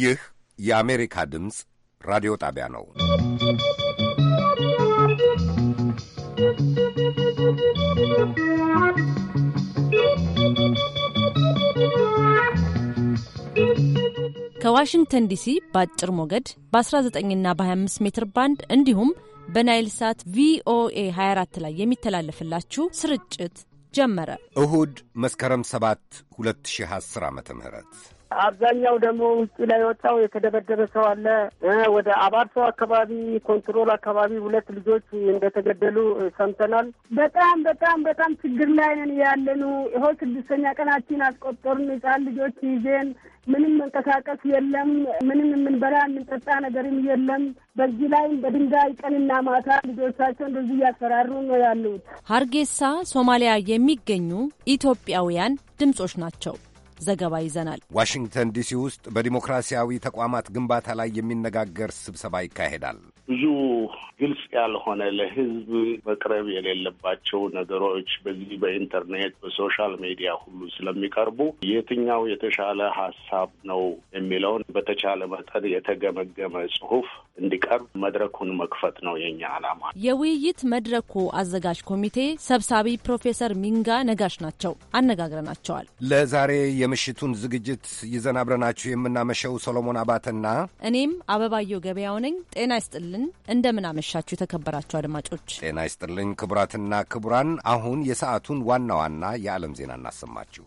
ይህ የአሜሪካ ድምፅ ራዲዮ ጣቢያ ነው። ከዋሽንግተን ዲሲ በአጭር ሞገድ በ19ና በ25 ሜትር ባንድ እንዲሁም በናይል ሳት ቪኦኤ 24 ላይ የሚተላለፍላችሁ ስርጭት ጀመረ። እሁድ መስከረም 7 2010 ዓ ም አብዛኛው ደግሞ ውጭ ላይ ወጣው የተደበደበ ሰው አለ። ወደ አባርሶ አካባቢ ኮንትሮል አካባቢ ሁለት ልጆች እንደተገደሉ ሰምተናል። በጣም በጣም በጣም ችግር ላይ ነን ያለኑ። ይኸው ስድስተኛ ቀናችን አስቆጠሩን። ህጻን ልጆች ይዜን ምንም መንቀሳቀስ የለም። ምንም የምንበላ የምንጠጣ ነገርም የለም። በዚህ ላይም በድንጋይ ቀንና ማታ ልጆቻቸው እንደዚህ እያስፈራሩ ነው ያሉት። ሀርጌሳ ሶማሊያ የሚገኙ ኢትዮጵያውያን ድምጾች ናቸው። ዘገባ ይዘናል። ዋሽንግተን ዲሲ ውስጥ በዲሞክራሲያዊ ተቋማት ግንባታ ላይ የሚነጋገር ስብሰባ ይካሄዳል። ብዙ ግልጽ ያልሆነ ለሕዝብ መቅረብ የሌለባቸው ነገሮች በዚህ በኢንተርኔት በሶሻል ሚዲያ ሁሉ ስለሚቀርቡ የትኛው የተሻለ ሀሳብ ነው የሚለውን በተቻለ መጠን የተገመገመ ጽሁፍ እንዲቀርብ መድረኩን መክፈት ነው የኛ ዓላማ። የውይይት መድረኩ አዘጋጅ ኮሚቴ ሰብሳቢ ፕሮፌሰር ሚንጋ ነጋሽ ናቸው። አነጋግረናቸዋል። ለዛሬ የምሽቱን ዝግጅት ይዘን አብረናችሁ የምናመሸው ሶሎሞን አባተና እኔም አበባየው ገበያው ነኝ። ጤና ይስጥልን። እንደምን አመሻችሁ የተከበራችሁ አድማጮች። ጤና ይስጥልኝ ክቡራትና ክቡራን። አሁን የሰዓቱን ዋና ዋና የዓለም ዜና እናሰማችሁ።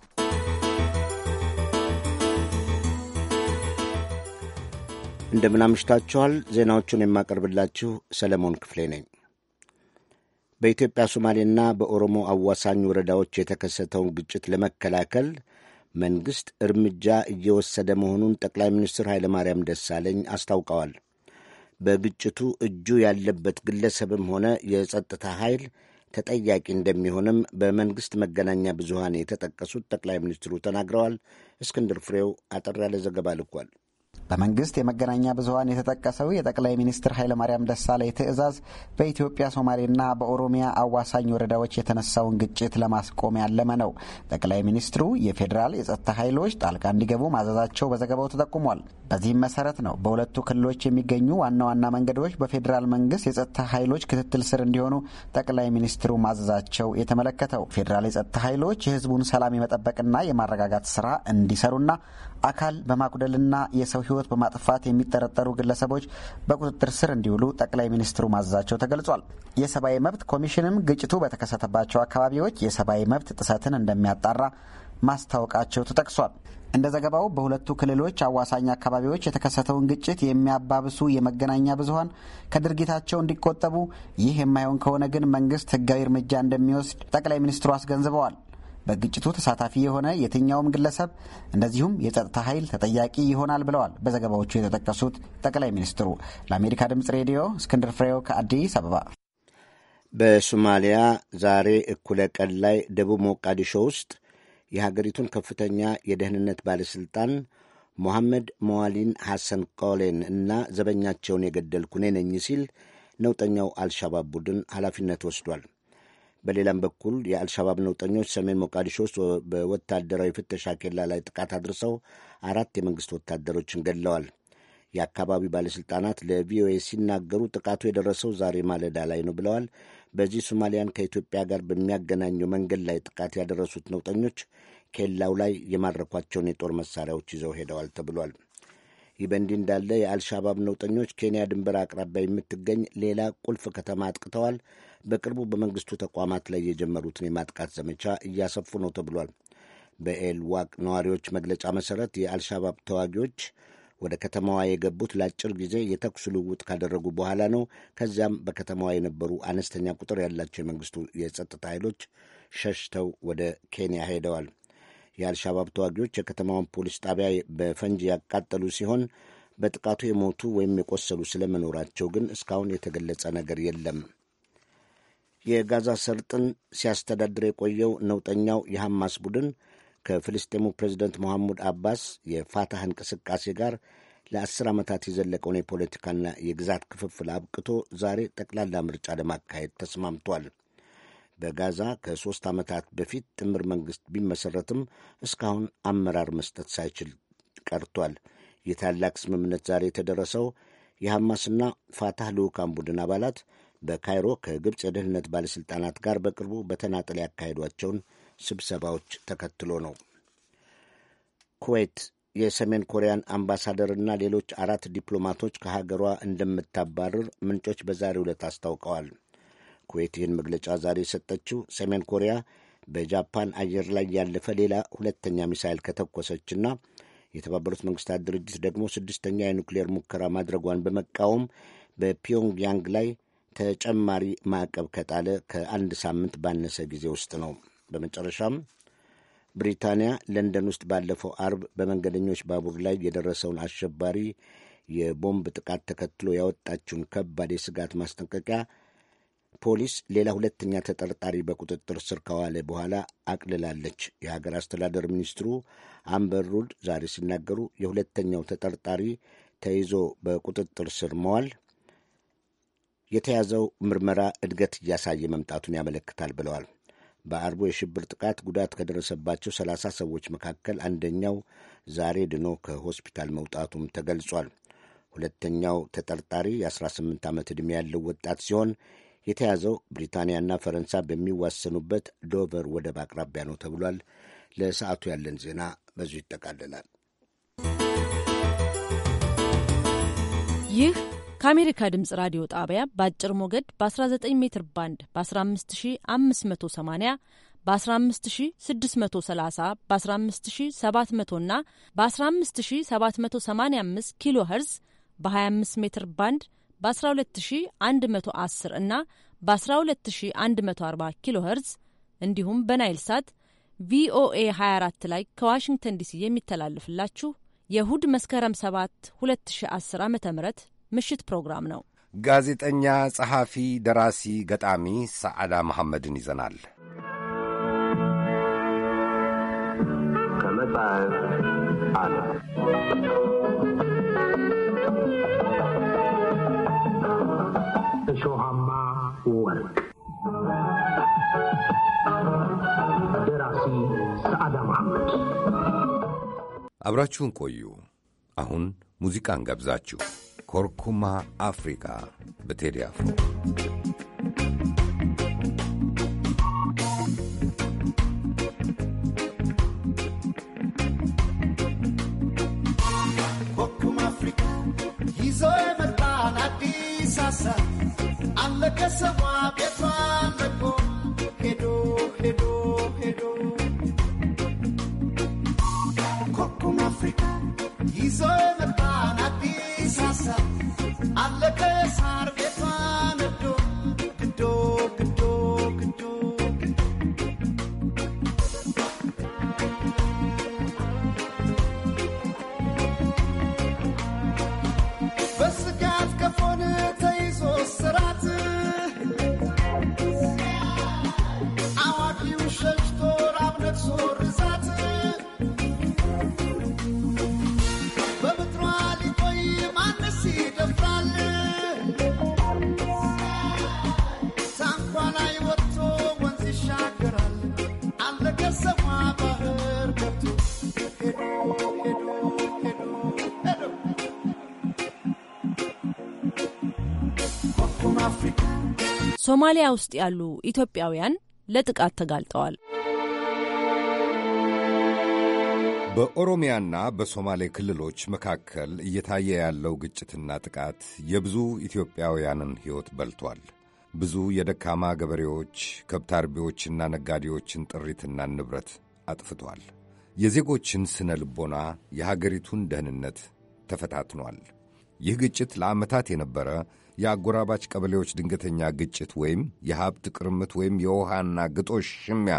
እንደምናምሽታችኋል። ዜናዎቹን የማቀርብላችሁ ሰለሞን ክፍሌ ነኝ። በኢትዮጵያ ሶማሌና በኦሮሞ አዋሳኝ ወረዳዎች የተከሰተውን ግጭት ለመከላከል መንግሥት እርምጃ እየወሰደ መሆኑን ጠቅላይ ሚኒስትር ኃይለማርያም ደሳለኝ አስታውቀዋል። በግጭቱ እጁ ያለበት ግለሰብም ሆነ የጸጥታ ኃይል ተጠያቂ እንደሚሆንም በመንግሥት መገናኛ ብዙሃን የተጠቀሱት ጠቅላይ ሚኒስትሩ ተናግረዋል። እስክንድር ፍሬው አጠር ያለ ዘገባ ልኳል። በመንግስት የመገናኛ ብዙሀን የተጠቀሰው የጠቅላይ ሚኒስትር ኃይለማርያም ደሳለኝ ትዕዛዝ በኢትዮጵያ ሶማሌና በኦሮሚያ አዋሳኝ ወረዳዎች የተነሳውን ግጭት ለማስቆም ያለመ ነው። ጠቅላይ ሚኒስትሩ የፌዴራል የጸጥታ ኃይሎች ጣልቃ እንዲገቡ ማዘዛቸው በዘገባው ተጠቁሟል። በዚህም መሰረት ነው በሁለቱ ክልሎች የሚገኙ ዋና ዋና መንገዶች በፌዴራል መንግስት የጸጥታ ኃይሎች ክትትል ስር እንዲሆኑ ጠቅላይ ሚኒስትሩ ማዘዛቸው የተመለከተው ፌዴራል የጸጥታ ኃይሎች የህዝቡን ሰላም የመጠበቅና የማረጋጋት ስራ እንዲሰሩና አካል በማጉደልና የሰው ሕይወት በማጥፋት የሚጠረጠሩ ግለሰቦች በቁጥጥር ስር እንዲውሉ ጠቅላይ ሚኒስትሩ ማዘዛቸው ተገልጿል። የሰብአዊ መብት ኮሚሽንም ግጭቱ በተከሰተባቸው አካባቢዎች የሰብአዊ መብት ጥሰትን እንደሚያጣራ ማስታወቃቸው ተጠቅሷል። እንደ ዘገባው በሁለቱ ክልሎች አዋሳኝ አካባቢዎች የተከሰተውን ግጭት የሚያባብሱ የመገናኛ ብዙኃን ከድርጊታቸው እንዲቆጠቡ፣ ይህ የማይሆን ከሆነ ግን መንግስት ህጋዊ እርምጃ እንደሚወስድ ጠቅላይ ሚኒስትሩ አስገንዝበዋል። በግጭቱ ተሳታፊ የሆነ የትኛውም ግለሰብ እንደዚሁም የጸጥታ ኃይል ተጠያቂ ይሆናል ብለዋል በዘገባዎቹ የተጠቀሱት ጠቅላይ ሚኒስትሩ። ለአሜሪካ ድምፅ ሬዲዮ እስክንድር ፍሬው ከአዲስ አበባ። በሶማሊያ ዛሬ እኩለ ቀን ላይ ደቡብ ሞቃዲሾ ውስጥ የሀገሪቱን ከፍተኛ የደህንነት ባለሥልጣን ሞሐመድ ሞዋሊን ሐሰን ቆሌን እና ዘበኛቸውን የገደልኩ እኔ ነኝ ሲል ነውጠኛው አልሻባብ ቡድን ኃላፊነት ወስዷል። በሌላም በኩል የአልሻባብ ነውጠኞች ሰሜን ሞቃዲሾ ውስጥ በወታደራዊ ፍተሻ ኬላ ላይ ጥቃት አድርሰው አራት የመንግሥት ወታደሮችን ገድለዋል። የአካባቢው ባለሥልጣናት ለቪኦኤ ሲናገሩ ጥቃቱ የደረሰው ዛሬ ማለዳ ላይ ነው ብለዋል። በዚህ ሶማሊያን ከኢትዮጵያ ጋር በሚያገናኘው መንገድ ላይ ጥቃት ያደረሱት ነውጠኞች ኬላው ላይ የማረኳቸውን የጦር መሳሪያዎች ይዘው ሄደዋል ተብሏል። ይህ በእንዲህ እንዳለ የአልሻባብ ነውጠኞች ኬንያ ድንበር አቅራቢያ የምትገኝ ሌላ ቁልፍ ከተማ አጥቅተዋል። በቅርቡ በመንግስቱ ተቋማት ላይ የጀመሩትን የማጥቃት ዘመቻ እያሰፉ ነው ተብሏል። በኤልዋቅ ነዋሪዎች መግለጫ መሰረት የአልሻባብ ተዋጊዎች ወደ ከተማዋ የገቡት ለአጭር ጊዜ የተኩስ ልውውጥ ካደረጉ በኋላ ነው። ከዚያም በከተማዋ የነበሩ አነስተኛ ቁጥር ያላቸው የመንግስቱ የጸጥታ ኃይሎች ሸሽተው ወደ ኬንያ ሄደዋል። የአልሻባብ ተዋጊዎች የከተማውን ፖሊስ ጣቢያ በፈንጅ ያቃጠሉ ሲሆን በጥቃቱ የሞቱ ወይም የቆሰሉ ስለመኖራቸው ግን እስካሁን የተገለጸ ነገር የለም። የጋዛ ሰርጥን ሲያስተዳድር የቆየው ነውጠኛው የሐማስ ቡድን ከፍልስጤሙ ፕሬዚደንት መሐሙድ አባስ የፋታህ እንቅስቃሴ ጋር ለአስር ዓመታት የዘለቀውን የፖለቲካና የግዛት ክፍፍል አብቅቶ ዛሬ ጠቅላላ ምርጫ ለማካሄድ ተስማምቷል። በጋዛ ከሦስት ዓመታት በፊት ጥምር መንግሥት ቢመሠረትም እስካሁን አመራር መስጠት ሳይችል ቀርቷል። ይህ ታላቅ ስምምነት ዛሬ የተደረሰው የሐማስና ፋታህ ልዑካን ቡድን አባላት በካይሮ ከግብፅ የደህንነት ባለሥልጣናት ጋር በቅርቡ በተናጠል ያካሄዷቸውን ስብሰባዎች ተከትሎ ነው። ኩዌት የሰሜን ኮሪያን አምባሳደርና ሌሎች አራት ዲፕሎማቶች ከሀገሯ እንደምታባረር ምንጮች በዛሬ ዕለት አስታውቀዋል። ኩዌት ይህን መግለጫ ዛሬ የሰጠችው ሰሜን ኮሪያ በጃፓን አየር ላይ ያለፈ ሌላ ሁለተኛ ሚሳይል ከተኮሰችና የተባበሩት መንግስታት ድርጅት ደግሞ ስድስተኛ የኑክሌር ሙከራ ማድረጓን በመቃወም በፒዮንግያንግ ላይ ተጨማሪ ማዕቀብ ከጣለ ከአንድ ሳምንት ባነሰ ጊዜ ውስጥ ነው። በመጨረሻም ብሪታንያ ለንደን ውስጥ ባለፈው አርብ በመንገደኞች ባቡር ላይ የደረሰውን አሸባሪ የቦምብ ጥቃት ተከትሎ ያወጣችውን ከባድ የስጋት ማስጠንቀቂያ ፖሊስ ሌላ ሁለተኛ ተጠርጣሪ በቁጥጥር ስር ከዋለ በኋላ አቅልላለች። የሀገር አስተዳደር ሚኒስትሩ አምበር ሩድ ዛሬ ሲናገሩ የሁለተኛው ተጠርጣሪ ተይዞ በቁጥጥር ስር መዋል የተያዘው ምርመራ እድገት እያሳየ መምጣቱን ያመለክታል ብለዋል። በአርቦ የሽብር ጥቃት ጉዳት ከደረሰባቸው ሰላሳ ሰዎች መካከል አንደኛው ዛሬ ድኖ ከሆስፒታል መውጣቱም ተገልጿል። ሁለተኛው ተጠርጣሪ የ18 ዓመት ዕድሜ ያለው ወጣት ሲሆን የተያዘው ብሪታንያና ፈረንሳ በሚዋሰኑበት ዶቨር ወደብ አቅራቢያ ነው ተብሏል። ለሰዓቱ ያለን ዜና በዚሁ ይጠቃልላል። ይህ ከአሜሪካ ድምጽ ራዲዮ ጣቢያ በአጭር ሞገድ በ19 ሜትር ባንድ በ15580 በ15630 በ15700 እና በ15785 ኪሎ ኸርዝ በ25 ሜትር ባንድ በ12110 እና በ12140 ኪሎ ኸርዝ እንዲሁም በናይል ሳት ቪኦኤ 24 ላይ ከዋሽንግተን ዲሲ የሚተላልፍላችሁ የእሁድ መስከረም 7 2010 ዓ ም ምሽት ፕሮግራም ነው። ጋዜጠኛ፣ ጸሐፊ፣ ደራሲ፣ ገጣሚ ሰዓዳ መሐመድን ይዘናል። ከመጽሐፍ ዓለም እሾሃማ ወርቅ ደራሲ ሰዓዳ መሐመድ። አብራችሁን ቆዩ። አሁን ሙዚቃን ጋብዛችሁ ኮርኩማ አፍሪካ በቴዲ አፍሮ sama ሶማሊያ ውስጥ ያሉ ኢትዮጵያውያን ለጥቃት ተጋልጠዋል። በኦሮሚያና በሶማሌ ክልሎች መካከል እየታየ ያለው ግጭትና ጥቃት የብዙ ኢትዮጵያውያንን ሕይወት በልቷል። ብዙ የደካማ ገበሬዎች፣ ከብት አርቢዎችና ነጋዴዎችን ጥሪትና ንብረት አጥፍቷል። የዜጎችን ስነ ልቦና፣ የሀገሪቱን ደህንነት ተፈታትኗል። ይህ ግጭት ለዓመታት የነበረ የአጎራባች ቀበሌዎች ድንገተኛ ግጭት ወይም የሀብት ቅርምት ወይም የውሃና ግጦሽ ሽሚያ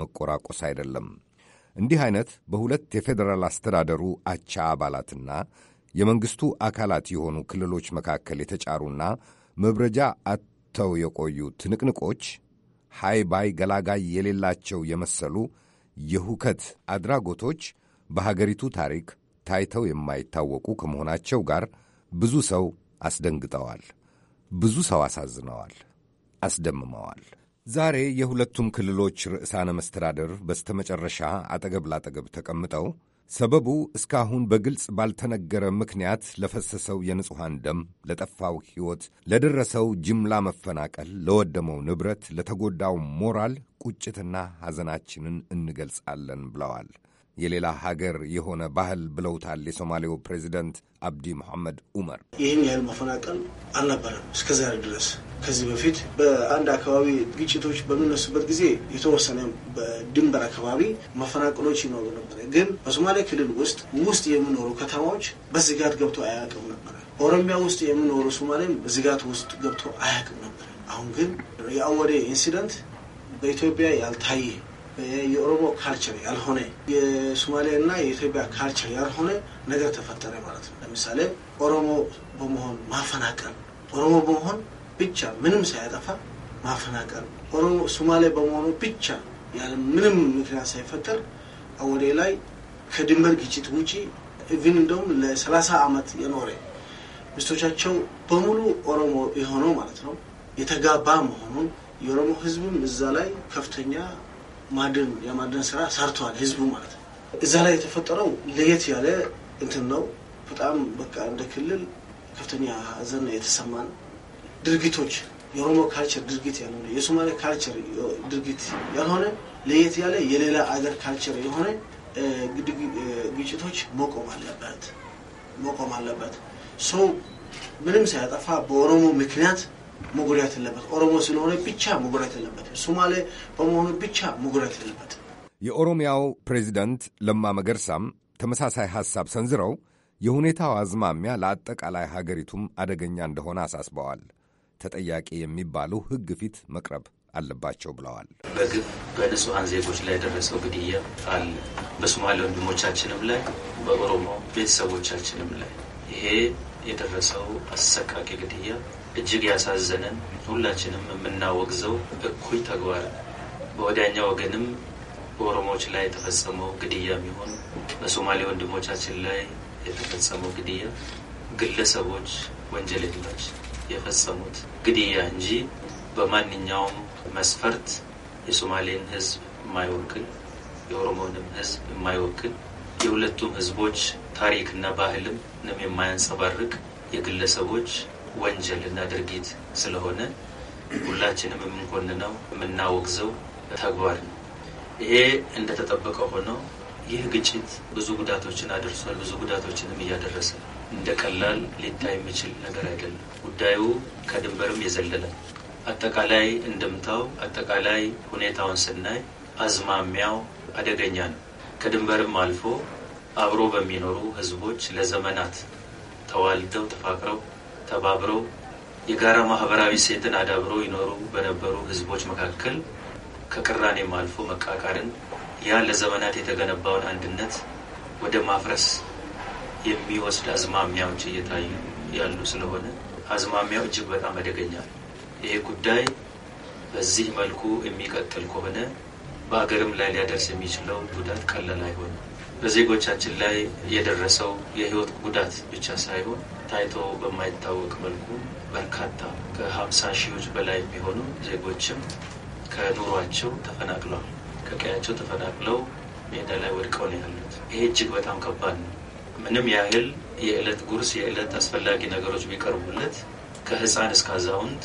መቆራቆስ አይደለም። እንዲህ አይነት በሁለት የፌዴራል አስተዳደሩ አቻ አባላትና የመንግሥቱ አካላት የሆኑ ክልሎች መካከል የተጫሩና መብረጃ አጥተው የቆዩ ትንቅንቆች ሃይ ባይ ገላጋይ የሌላቸው የመሰሉ የሁከት አድራጎቶች በሀገሪቱ ታሪክ ታይተው የማይታወቁ ከመሆናቸው ጋር ብዙ ሰው አስደንግጠዋል፣ ብዙ ሰው አሳዝነዋል፣ አስደምመዋል። ዛሬ የሁለቱም ክልሎች ርዕሳነ መስተዳደር በስተመጨረሻ አጠገብ ላጠገብ ተቀምጠው ሰበቡ እስካሁን በግልጽ ባልተነገረ ምክንያት ለፈሰሰው የንጹሐን ደም፣ ለጠፋው ሕይወት፣ ለደረሰው ጅምላ መፈናቀል፣ ለወደመው ንብረት፣ ለተጎዳው ሞራል ቁጭትና ሐዘናችንን እንገልጻለን ብለዋል። የሌላ ሀገር የሆነ ባህል ብለውታል። የሶማሌው ፕሬዚደንት አብዲ መሐመድ ኡመር ይህን ያህል መፈናቀል አልነበረም እስከዛሬ ድረስ። ከዚህ በፊት በአንድ አካባቢ ግጭቶች በሚነሱበት ጊዜ የተወሰነ በድንበር አካባቢ መፈናቀሎች ይኖሩ ነበረ። ግን በሶማሌ ክልል ውስጥ ውስጥ የሚኖሩ ከተማዎች በስጋት ገብቶ አያውቅም ነበረ። ኦሮሚያ ውስጥ የሚኖሩ ሶማሌም በስጋት ውስጥ ገብቶ አያውቅም ነበር። አሁን ግን የአወዴ ኢንሲደንት በኢትዮጵያ ያልታየ የኦሮሞ ካልቸር ያልሆነ የሶማሊያና የኢትዮጵያ ካልቸር ያልሆነ ነገር ተፈጠረ ማለት ነው። ለምሳሌ ኦሮሞ በመሆን ማፈናቀል፣ ኦሮሞ በመሆን ብቻ ምንም ሳያጠፋ ማፈናቀል፣ ኦሮሞ ሶማሌ በመሆኑ ብቻ ያለ ምንም ምክንያት ሳይፈጠር አወዴ ላይ ከድንበር ግጭት ውጪ ኢቭን እንደውም ለሰላሳ ዓመት የኖረ ሚስቶቻቸው በሙሉ ኦሮሞ የሆነው ማለት ነው የተጋባ መሆኑን የኦሮሞ ህዝብም እዛ ላይ ከፍተኛ ማድን የማድን ስራ ሰርተዋል ህዝቡ ማለት ነው። እዛ ላይ የተፈጠረው ለየት ያለ እንትን ነው። በጣም በቃ እንደ ክልል ከፍተኛ ሀዘን የተሰማን ድርጊቶች የኦሮሞ ካልቸር ድርጊት ያልሆነ የሶማሌ ካልቸር ድርጊት ያልሆነ ለየት ያለ የሌላ አገር ካልቸር የሆነ ግጭቶች መቆም አለበት መቆም አለበት። ሰው ምንም ሳያጠፋ በኦሮሞ ምክንያት መጉዳት የለበት። ኦሮሞ ስለሆነ ብቻ መጉዳት የለበት። ሶማሌ በመሆኑ ብቻ መጉዳት የለበት። የኦሮሚያው ፕሬዚደንት ለማ መገርሳም ተመሳሳይ ሐሳብ ሰንዝረው የሁኔታው አዝማሚያ ለአጠቃላይ ሀገሪቱም አደገኛ እንደሆነ አሳስበዋል። ተጠያቂ የሚባሉ ሕግ ፊት መቅረብ አለባቸው ብለዋል። በግብ በንጹሐን ዜጎች ላይ የደረሰው ግድያ አለ። በሶማሌ ወንድሞቻችንም ላይ፣ በኦሮሞ ቤተሰቦቻችንም ላይ ይሄ የደረሰው አሰቃቂ ግድያ እጅግ ያሳዘነን ሁላችንም የምናወግዘው እኩይ ተግባር ነው። ወገንም በኦሮሞዎች ላይ የተፈጸመው ግድያ የሚሆን በሶማሌ ወንድሞቻችን ላይ የተፈጸመው ግድያ ግለሰቦች ወንጀለኞች የፈጸሙት ግድያ እንጂ በማንኛውም መስፈርት የሶማሌን ሕዝብ የማይወክል የኦሮሞንም ሕዝብ የማይወክል የሁለቱም ሕዝቦች ታሪክና ባህልም ንም የማያንጸባርቅ የግለሰቦች ወንጀልና ድርጊት ስለሆነ ሁላችንም የምንኮንነው የምናወግዘው ተግባር ነው። ይሄ እንደተጠበቀ ሆነው ይህ ግጭት ብዙ ጉዳቶችን አድርሷል። ብዙ ጉዳቶችንም እያደረሰ እንደ ቀላል ሊታይ የሚችል ነገር አይደለም። ጉዳዩ ከድንበርም የዘለለ አጠቃላይ እንድምታው አጠቃላይ ሁኔታውን ስናይ አዝማሚያው አደገኛ ነው። ከድንበርም አልፎ አብሮ በሚኖሩ ህዝቦች ለዘመናት ተዋልደው ተፋቅረው ተባብረው የጋራ ማህበራዊ ሴትን አዳብረው ይኖሩ በነበሩ ህዝቦች መካከል ከቅራኔም አልፎ መቃቃርን ያ ለዘመናት የተገነባውን አንድነት ወደ ማፍረስ የሚወስድ አዝማሚያዎች እየታዩ ያሉ ስለሆነ አዝማሚያው እጅግ በጣም አደገኛ ነው። ይሄ ጉዳይ በዚህ መልኩ የሚቀጥል ከሆነ በአገርም ላይ ሊያደርስ የሚችለው ጉዳት ቀላል አይሆንም። በዜጎቻችን ላይ የደረሰው የህይወት ጉዳት ብቻ ሳይሆን ታይቶ በማይታወቅ መልኩ በርካታ ከሀምሳ ሺዎች በላይ የሚሆኑ ዜጎችም ከኑሯቸው ተፈናቅለዋል። ከቀያቸው ተፈናቅለው ሜዳ ላይ ወድቀው ነው ያሉት። ይሄ እጅግ በጣም ከባድ ነው። ምንም ያህል የዕለት ጉርስ፣ የዕለት አስፈላጊ ነገሮች ቢቀርቡለት ከህፃን እስከ አዛውንት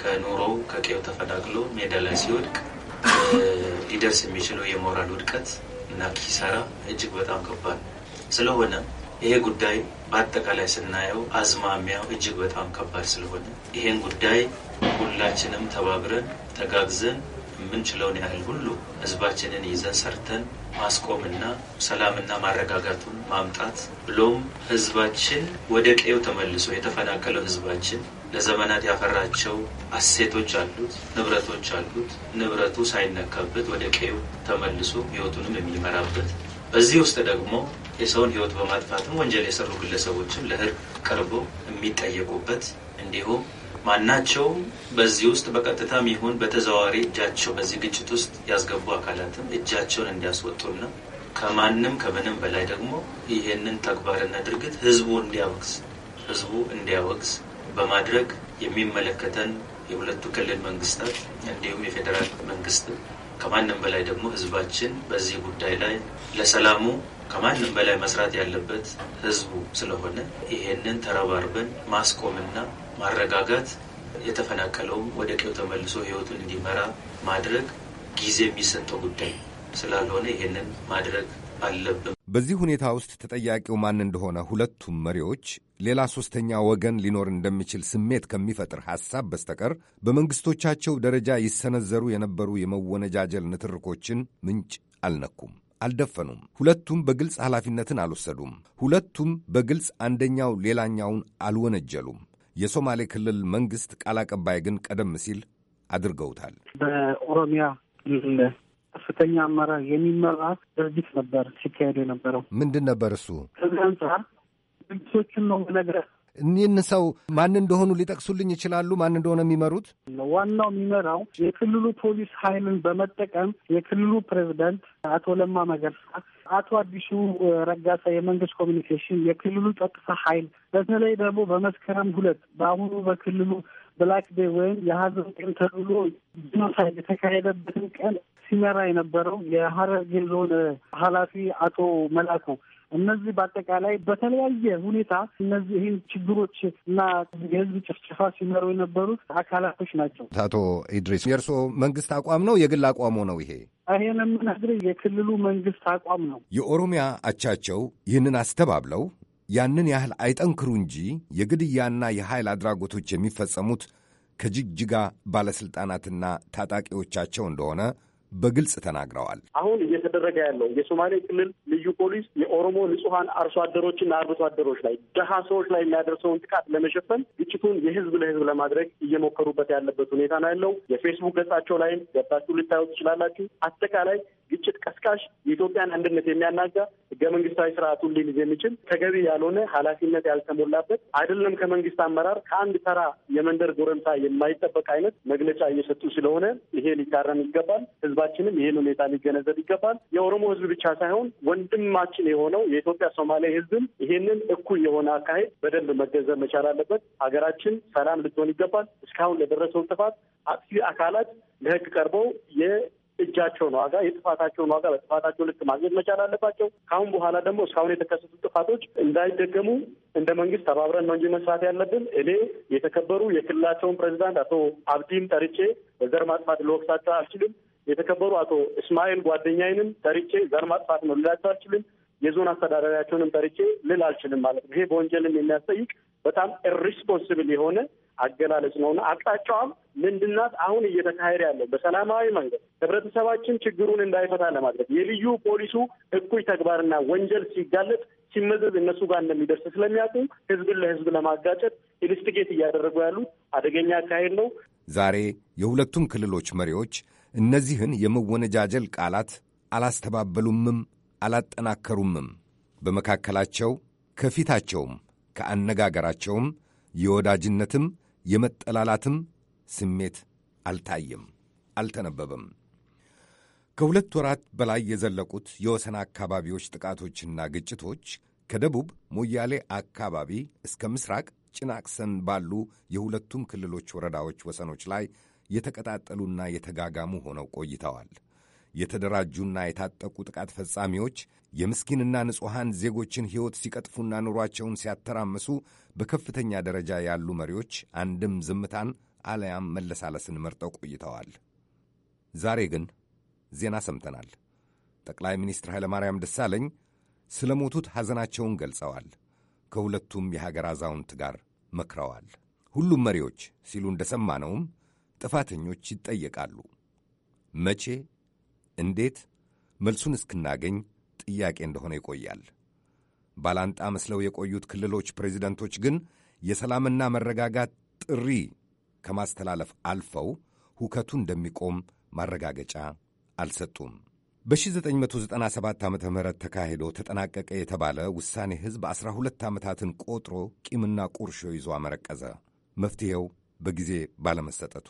ከኑሮው ከቀዩ ተፈናቅሎ ሜዳ ላይ ሲወድቅ ሊደርስ የሚችለው የሞራል ውድቀት እና ኪሳራ እጅግ በጣም ከባድ ነው። ስለሆነ ይሄ ጉዳይ በአጠቃላይ ስናየው አዝማሚያው እጅግ በጣም ከባድ ስለሆነ ይሄን ጉዳይ ሁላችንም ተባብረን ተጋግዘን የምንችለውን ያህል ሁሉ ህዝባችንን ይዘን ሰርተን ማስቆምና ሰላምና ማረጋጋቱን ማምጣት ብሎም ህዝባችን ወደ ቀዬው ተመልሶ የተፈናቀለው ህዝባችን ለዘመናት ያፈራቸው አሴቶች አሉት፣ ንብረቶች አሉት። ንብረቱ ሳይነካበት ወደ ቀዬው ተመልሶ ህይወቱንም የሚመራበት በዚህ ውስጥ ደግሞ የሰውን ህይወት በማጥፋትም ወንጀል የሰሩ ግለሰቦችም ለሕግ ቀርቦ የሚጠየቁበት እንዲሁም ማናቸውም በዚህ ውስጥ በቀጥታም ይሁን በተዘዋዋሪ እጃቸው በዚህ ግጭት ውስጥ ያስገቡ አካላትም እጃቸውን እንዲያስወጡና ከማንም ከምንም በላይ ደግሞ ይህንን ተግባርና ድርጊት ህዝቡ እንዲያወግዝ ህዝቡ እንዲያወግዝ በማድረግ የሚመለከተን የሁለቱ ክልል መንግስታት እንዲሁም የፌዴራል መንግስት ከማንም በላይ ደግሞ ህዝባችን በዚህ ጉዳይ ላይ ለሰላሙ ከማንም በላይ መስራት ያለበት ህዝቡ ስለሆነ ይሄንን ተረባርበን ማስቆምና ማረጋጋት የተፈናቀለውም ወደ ቀዬው ተመልሶ ህይወቱን እንዲመራ ማድረግ ጊዜ የሚሰጠው ጉዳይ ስላልሆነ ይሄንን ማድረግ አለብን። በዚህ ሁኔታ ውስጥ ተጠያቂው ማን እንደሆነ ሁለቱም መሪዎች ሌላ ሦስተኛ ወገን ሊኖር እንደሚችል ስሜት ከሚፈጥር ሐሳብ በስተቀር በመንግሥቶቻቸው ደረጃ ይሰነዘሩ የነበሩ የመወነጃጀል ንትርኮችን ምንጭ አልነኩም። አልደፈኑም። ሁለቱም በግልጽ ኃላፊነትን አልወሰዱም። ሁለቱም በግልጽ አንደኛው ሌላኛውን አልወነጀሉም። የሶማሌ ክልል መንግስት ቃል አቀባይ ግን ቀደም ሲል አድርገውታል። በኦሮሚያ ከፍተኛ አመራር የሚመራ ድርጅት ነበር ሲካሄዱ የነበረው ምንድን ነበር እሱ ከዚህ አንጻር ድርጅቶችን ነው ነገር እኒህን ሰው ማን እንደሆኑ ሊጠቅሱልኝ ይችላሉ? ማን እንደሆነ የሚመሩት? ዋናው የሚመራው የክልሉ ፖሊስ ኃይልን በመጠቀም የክልሉ ፕሬዝዳንት አቶ ለማ መገርሳ፣ አቶ አዲሱ ረጋሳ የመንግስት ኮሚኒኬሽን፣ የክልሉ ጸጥታ ኃይል በተለይ ደግሞ በመስከረም ሁለት በአሁኑ በክልሉ ብላክ ዴይ ወይም የሀዘን ቀን ተብሎ ጂኖሳይድ የተካሄደበትን ቀን ሲመራ የነበረው የሀረርጌ ዞን ኃላፊ አቶ መላኩ እነዚህ በአጠቃላይ በተለያየ ሁኔታ እነዚህ ችግሮች እና የህዝብ ጭፍጭፋ ሲመሩ የነበሩት አካላቶች ናቸው። አቶ ኢድሪስ የእርስዎ መንግስት አቋም ነው የግል አቋሙ ነው? ይሄ ይሄ ለምናድር የክልሉ መንግስት አቋም ነው። የኦሮሚያ አቻቸው ይህንን አስተባብለው ያንን ያህል አይጠንክሩ እንጂ የግድያና የኃይል አድራጎቶች የሚፈጸሙት ከጅግጅጋ ባለሥልጣናትና ታጣቂዎቻቸው እንደሆነ በግልጽ ተናግረዋል። አሁን እየተደረገ ያለው የሶማሌ ክልል ልዩ ፖሊስ የኦሮሞ ንጹሐን አርሶ አደሮችና አርብቶ አደሮች ላይ ደሃ ሰዎች ላይ የሚያደርሰውን ጥቃት ለመሸፈን ግጭቱን የህዝብ ለህዝብ ለማድረግ እየሞከሩበት ያለበት ሁኔታ ነው ያለው። የፌስቡክ ገጻቸው ላይም ገብታችሁ ልታዩ ትችላላችሁ። አጠቃላይ ግጭት ቀስቃሽ የኢትዮጵያን አንድነት የሚያናጋ ህገ መንግስታዊ ስርዓቱን ሊልዝ የሚችል ተገቢ ያልሆነ ኃላፊነት ያልተሞላበት አይደለም ከመንግስት አመራር ከአንድ ተራ የመንደር ጎረምሳ የማይጠበቅ አይነት መግለጫ እየሰጡ ስለሆነ ይሄ ሊታረም ይገባል። ህዝባችንም ይህን ሁኔታ ሊገነዘብ ይገባል። የኦሮሞ ህዝብ ብቻ ሳይሆን ወንድማችን የሆነው የኢትዮጵያ ሶማሌ ህዝብም ይህንን እኩል የሆነ አካሄድ በደንብ መገንዘብ መቻል አለበት። ሀገራችን ሰላም ልትሆን ይገባል። እስካሁን ለደረሰው ጥፋት አጥፊ አካላት ለህግ ቀርበው እጃቸውን ዋጋ የጥፋታቸውን ዋጋ በጥፋታቸው ልክ ማግኘት መቻል አለባቸው። ከአሁን በኋላ ደግሞ እስካሁን የተከሰቱ ጥፋቶች እንዳይደገሙ እንደ መንግስት ተባብረን ነው እንጂ መስራት ያለብን። እኔ የተከበሩ የክልላቸውን ፕሬዚዳንት አቶ አብዲም ጠርቼ በዘር ማጥፋት ልወቅሳቸው አልችልም። የተከበሩ አቶ እስማኤል ጓደኛዬንም ጠርቼ ዘር ማጥፋት ነው ልላቸው አልችልም። የዞን አስተዳዳሪያቸውንም ጠርቼ ልል አልችልም ማለት ነው። ይሄ በወንጀልም የሚያስጠይቅ በጣም ኢሪስፖንስብል የሆነ አገላለጽ ነውና አቅጣጫዋም ምንድናት? አሁን እየተካሄደ ያለው በሰላማዊ መንገድ ህብረተሰባችን ችግሩን እንዳይፈታ ለማድረግ የልዩ ፖሊሱ እኩይ ተግባርና ወንጀል ሲጋለጥ ሲመዘዝ እነሱ ጋር እንደሚደርስ ስለሚያውቁ ህዝብን ለህዝብ ለማጋጨት ኢንስቲጌት እያደረጉ ያሉት አደገኛ አካሄድ ነው። ዛሬ የሁለቱም ክልሎች መሪዎች እነዚህን የመወነጃጀል ቃላት አላስተባበሉምም፣ አላጠናከሩምም። በመካከላቸው ከፊታቸውም ከአነጋገራቸውም የወዳጅነትም የመጠላላትም ስሜት አልታየም፣ አልተነበበም። ከሁለት ወራት በላይ የዘለቁት የወሰን አካባቢዎች ጥቃቶችና ግጭቶች ከደቡብ ሞያሌ አካባቢ እስከ ምስራቅ ጭናቅሰን ባሉ የሁለቱም ክልሎች ወረዳዎች ወሰኖች ላይ የተቀጣጠሉና የተጋጋሙ ሆነው ቆይተዋል። የተደራጁና የታጠቁ ጥቃት ፈጻሚዎች የምስኪንና ንጹሐን ዜጎችን ሕይወት ሲቀጥፉና ኑሯቸውን ሲያተራምሱ በከፍተኛ ደረጃ ያሉ መሪዎች አንድም ዝምታን አለያም መለሳለስን መርጠው ቆይተዋል። ዛሬ ግን ዜና ሰምተናል። ጠቅላይ ሚኒስትር ኃይለማርያም ደሳለኝ ስለ ሞቱት ሐዘናቸውን ገልጸዋል። ከሁለቱም የሀገር አዛውንት ጋር መክረዋል። ሁሉም መሪዎች ሲሉ ሰማነውም ጥፋተኞች ይጠየቃሉ። መቼ፣ እንዴት መልሱን እስክናገኝ ጥያቄ እንደሆነ ይቆያል። ባላንጣ መስለው የቆዩት ክልሎች ፕሬዚደንቶች ግን የሰላምና መረጋጋት ጥሪ ከማስተላለፍ አልፈው ሁከቱ እንደሚቆም ማረጋገጫ አልሰጡም። በ1997 ዓ ም ተካሂዶ ተጠናቀቀ የተባለ ውሳኔ ሕዝብ 12 ዓመታትን ቆጥሮ ቂምና ቁርሾ ይዞ አመረቀዘ። መፍትሔው በጊዜ ባለመሰጠቱ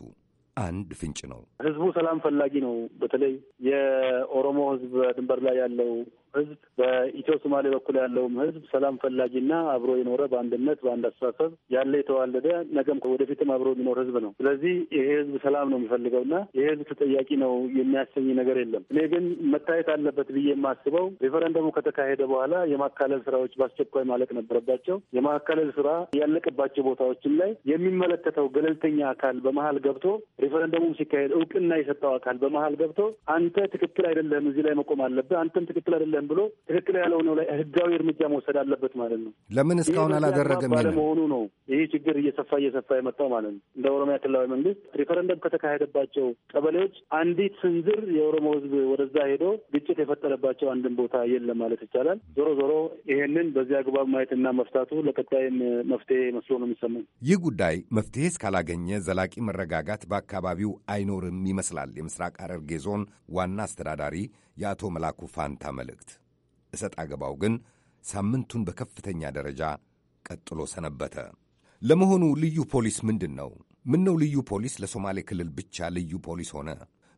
አንድ ፍንጭ ነው። ህዝቡ ሰላም ፈላጊ ነው። በተለይ የኦሮሞ ህዝብ በድንበር ላይ ያለው ህዝብ በኢትዮ ሶማሌ በኩል ያለውም ህዝብ ሰላም ፈላጊና አብሮ የኖረ በአንድነት በአንድ አስተሳሰብ ያለ የተዋለደ ነገም ወደፊትም አብሮ የሚኖር ህዝብ ነው። ስለዚህ ይሄ ህዝብ ሰላም ነው የሚፈልገውና ይሄ ህዝብ ተጠያቂ ነው የሚያሰኝ ነገር የለም። እኔ ግን መታየት አለበት ብዬ የማስበው ሪፈረንደሙ ከተካሄደ በኋላ የማካለል ስራዎች በአስቸኳይ ማለቅ ነበረባቸው። የማካለል ስራ ያለቀባቸው ቦታዎችም ላይ የሚመለከተው ገለልተኛ አካል በመሀል ገብቶ ሪፈረንደሙም ሲካሄድ እውቅና የሰጠው አካል በመሀል ገብቶ አንተ ትክክል አይደለህም፣ እዚህ ላይ መቆም አለብህ፣ አንተም ትክክል አይደለህም አይደለም ብሎ ትክክል ያልሆነው ላይ ህጋዊ እርምጃ መውሰድ አለበት ማለት ነው። ለምን እስካሁን አላደረገም ባለመሆኑ ነው ይህ ችግር እየሰፋ እየሰፋ የመጣው ማለት ነው። እንደ ኦሮሚያ ክልላዊ መንግስት ሪፈረንደም ከተካሄደባቸው ቀበሌዎች አንዲት ስንዝር የኦሮሞ ህዝብ ወደዛ ሄዶ ግጭት የፈጠረባቸው አንድን ቦታ የለም ማለት ይቻላል። ዞሮ ዞሮ ይሄንን በዚህ አግባብ ማየትና መፍታቱ ለቀጣይም መፍትሄ መስሎ ነው የሚሰማኝ። ይህ ጉዳይ መፍትሄ እስካላገኘ ዘላቂ መረጋጋት በአካባቢው አይኖርም ይመስላል የምስራቅ ሐረርጌ ዞን ዋና አስተዳዳሪ የአቶ መላኩ ፋንታ መልእክት እሰጥ አገባው ግን ሳምንቱን በከፍተኛ ደረጃ ቀጥሎ ሰነበተ። ለመሆኑ ልዩ ፖሊስ ምንድን ነው? ምን ነው ልዩ ፖሊስ ለሶማሌ ክልል ብቻ ልዩ ፖሊስ ሆነ?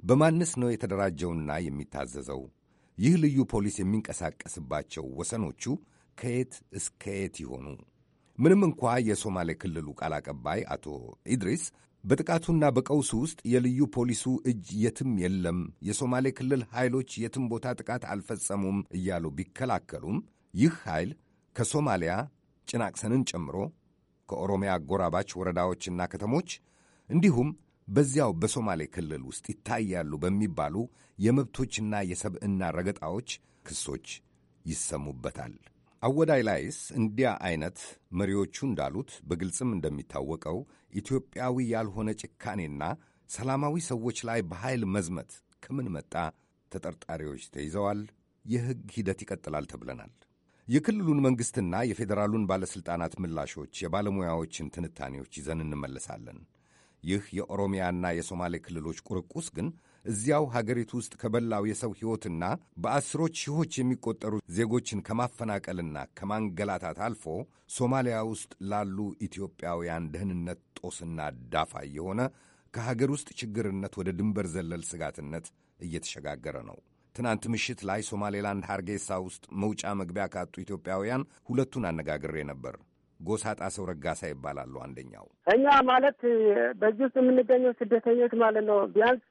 በማንስ ነው የተደራጀውና የሚታዘዘው? ይህ ልዩ ፖሊስ የሚንቀሳቀስባቸው ወሰኖቹ ከየት እስከ የት ይሆኑ? ምንም እንኳ የሶማሌ ክልሉ ቃል አቀባይ አቶ ኢድሪስ በጥቃቱና በቀውሱ ውስጥ የልዩ ፖሊሱ እጅ የትም የለም፣ የሶማሌ ክልል ኃይሎች የትም ቦታ ጥቃት አልፈጸሙም እያሉ ቢከላከሉም ይህ ኃይል ከሶማሊያ ጭናቅሰንን ጨምሮ ከኦሮሚያ አጎራባች ወረዳዎችና ከተሞች እንዲሁም በዚያው በሶማሌ ክልል ውስጥ ይታያሉ በሚባሉ የመብቶችና የሰብዕና ረገጣዎች ክሶች ይሰሙበታል። አወዳይ ላይስ እንዲያ አይነት መሪዎቹ እንዳሉት በግልጽም እንደሚታወቀው ኢትዮጵያዊ ያልሆነ ጭካኔና ሰላማዊ ሰዎች ላይ በኃይል መዝመት ከምን መጣ? ተጠርጣሪዎች ተይዘዋል። የሕግ ሂደት ይቀጥላል ተብለናል። የክልሉን መንግሥትና የፌዴራሉን ባለሥልጣናት ምላሾች፣ የባለሙያዎችን ትንታኔዎች ይዘን እንመለሳለን። ይህ የኦሮሚያና የሶማሌ ክልሎች ቁርቁስ ግን እዚያው ሀገሪቱ ውስጥ ከበላው የሰው ሕይወትና በአስሮች ሺዎች የሚቆጠሩ ዜጎችን ከማፈናቀልና ከማንገላታት አልፎ ሶማሊያ ውስጥ ላሉ ኢትዮጵያውያን ደህንነት ጦስና ዳፋ የሆነ ከሀገር ውስጥ ችግርነት ወደ ድንበር ዘለል ስጋትነት እየተሸጋገረ ነው። ትናንት ምሽት ላይ ሶማሌላንድ ሃርጌሳ ውስጥ መውጫ መግቢያ ካጡ ኢትዮጵያውያን ሁለቱን አነጋግሬ ነበር። ጎሳ ጣሰው ረጋሳ ይባላሉ። አንደኛው እኛ ማለት በዚህ ውስጥ የምንገኘው ስደተኞች ማለት ነው። ቢያንስ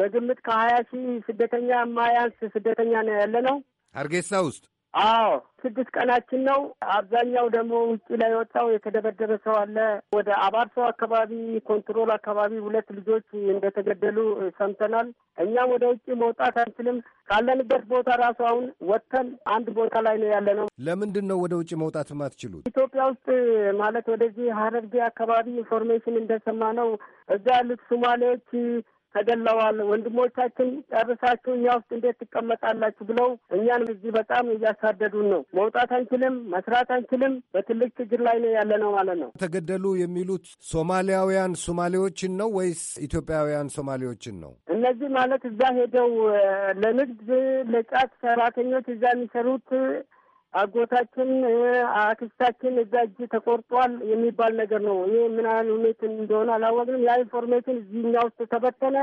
በግምት ከሀያ ሺህ ስደተኛ ማያንስ ስደተኛ ነው ያለ ነው ሀርጌሳ ውስጥ አዎ ስድስት ቀናችን ነው። አብዛኛው ደግሞ ውጭ ላይ ወጣው የተደበደበ ሰው አለ። ወደ አባርሶ አካባቢ ኮንትሮል አካባቢ ሁለት ልጆች እንደተገደሉ ሰምተናል። እኛም ወደ ውጭ መውጣት አንችልም። ካለንበት ቦታ ራሱ አሁን ወጥተን አንድ ቦታ ላይ ነው ያለ ነው። ለምንድን ነው ወደ ውጭ መውጣት ማትችሉት? ኢትዮጵያ ውስጥ ማለት ወደዚህ ሀረርጌ አካባቢ ኢንፎርሜሽን እንደሰማ ነው እዛ ያሉት ሶማሌዎች ተገለዋል። ወንድሞቻችን ጨርሳችሁ እኛ ውስጥ እንዴት ትቀመጣላችሁ ብለው እኛን እዚህ በጣም እያሳደዱን ነው። መውጣት አንችልም፣ መስራት አንችልም። በትልቅ ችግር ላይ ነው ያለ ነው ማለት ነው። ተገደሉ የሚሉት ሶማሊያውያን ሶማሌዎችን ነው ወይስ ኢትዮጵያውያን ሶማሌዎችን ነው? እነዚህ ማለት እዛ ሄደው ለንግድ ለጫት ሰራተኞች እዛ የሚሰሩት አጎታችን አክስታችን እዛ እጅ ተቆርጧል የሚባል ነገር ነው። ይህ ምን ያህል ሁኔት እንደሆነ አላወቅንም። ያ ኢንፎርሜሽን እዚህኛ ውስጥ ተበተነ።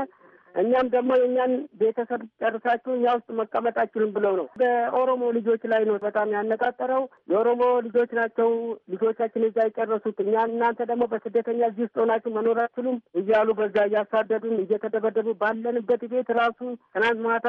እኛም ደግሞ የእኛን ቤተሰብ ጨርሳችሁ እኛ ውስጥ መቀመጣችሁን ብለው ነው። በኦሮሞ ልጆች ላይ ነው በጣም ያነጣጠረው። የኦሮሞ ልጆች ናቸው ልጆቻችን እዛ የጨረሱት፣ እኛ እናንተ ደግሞ በስደተኛ እዚህ ውስጥ ሆናችሁ መኖር አትችሉም እያሉ በዛ እያሳደዱን እየተደበደቡ ባለንበት ቤት ራሱ ትናንት ማታ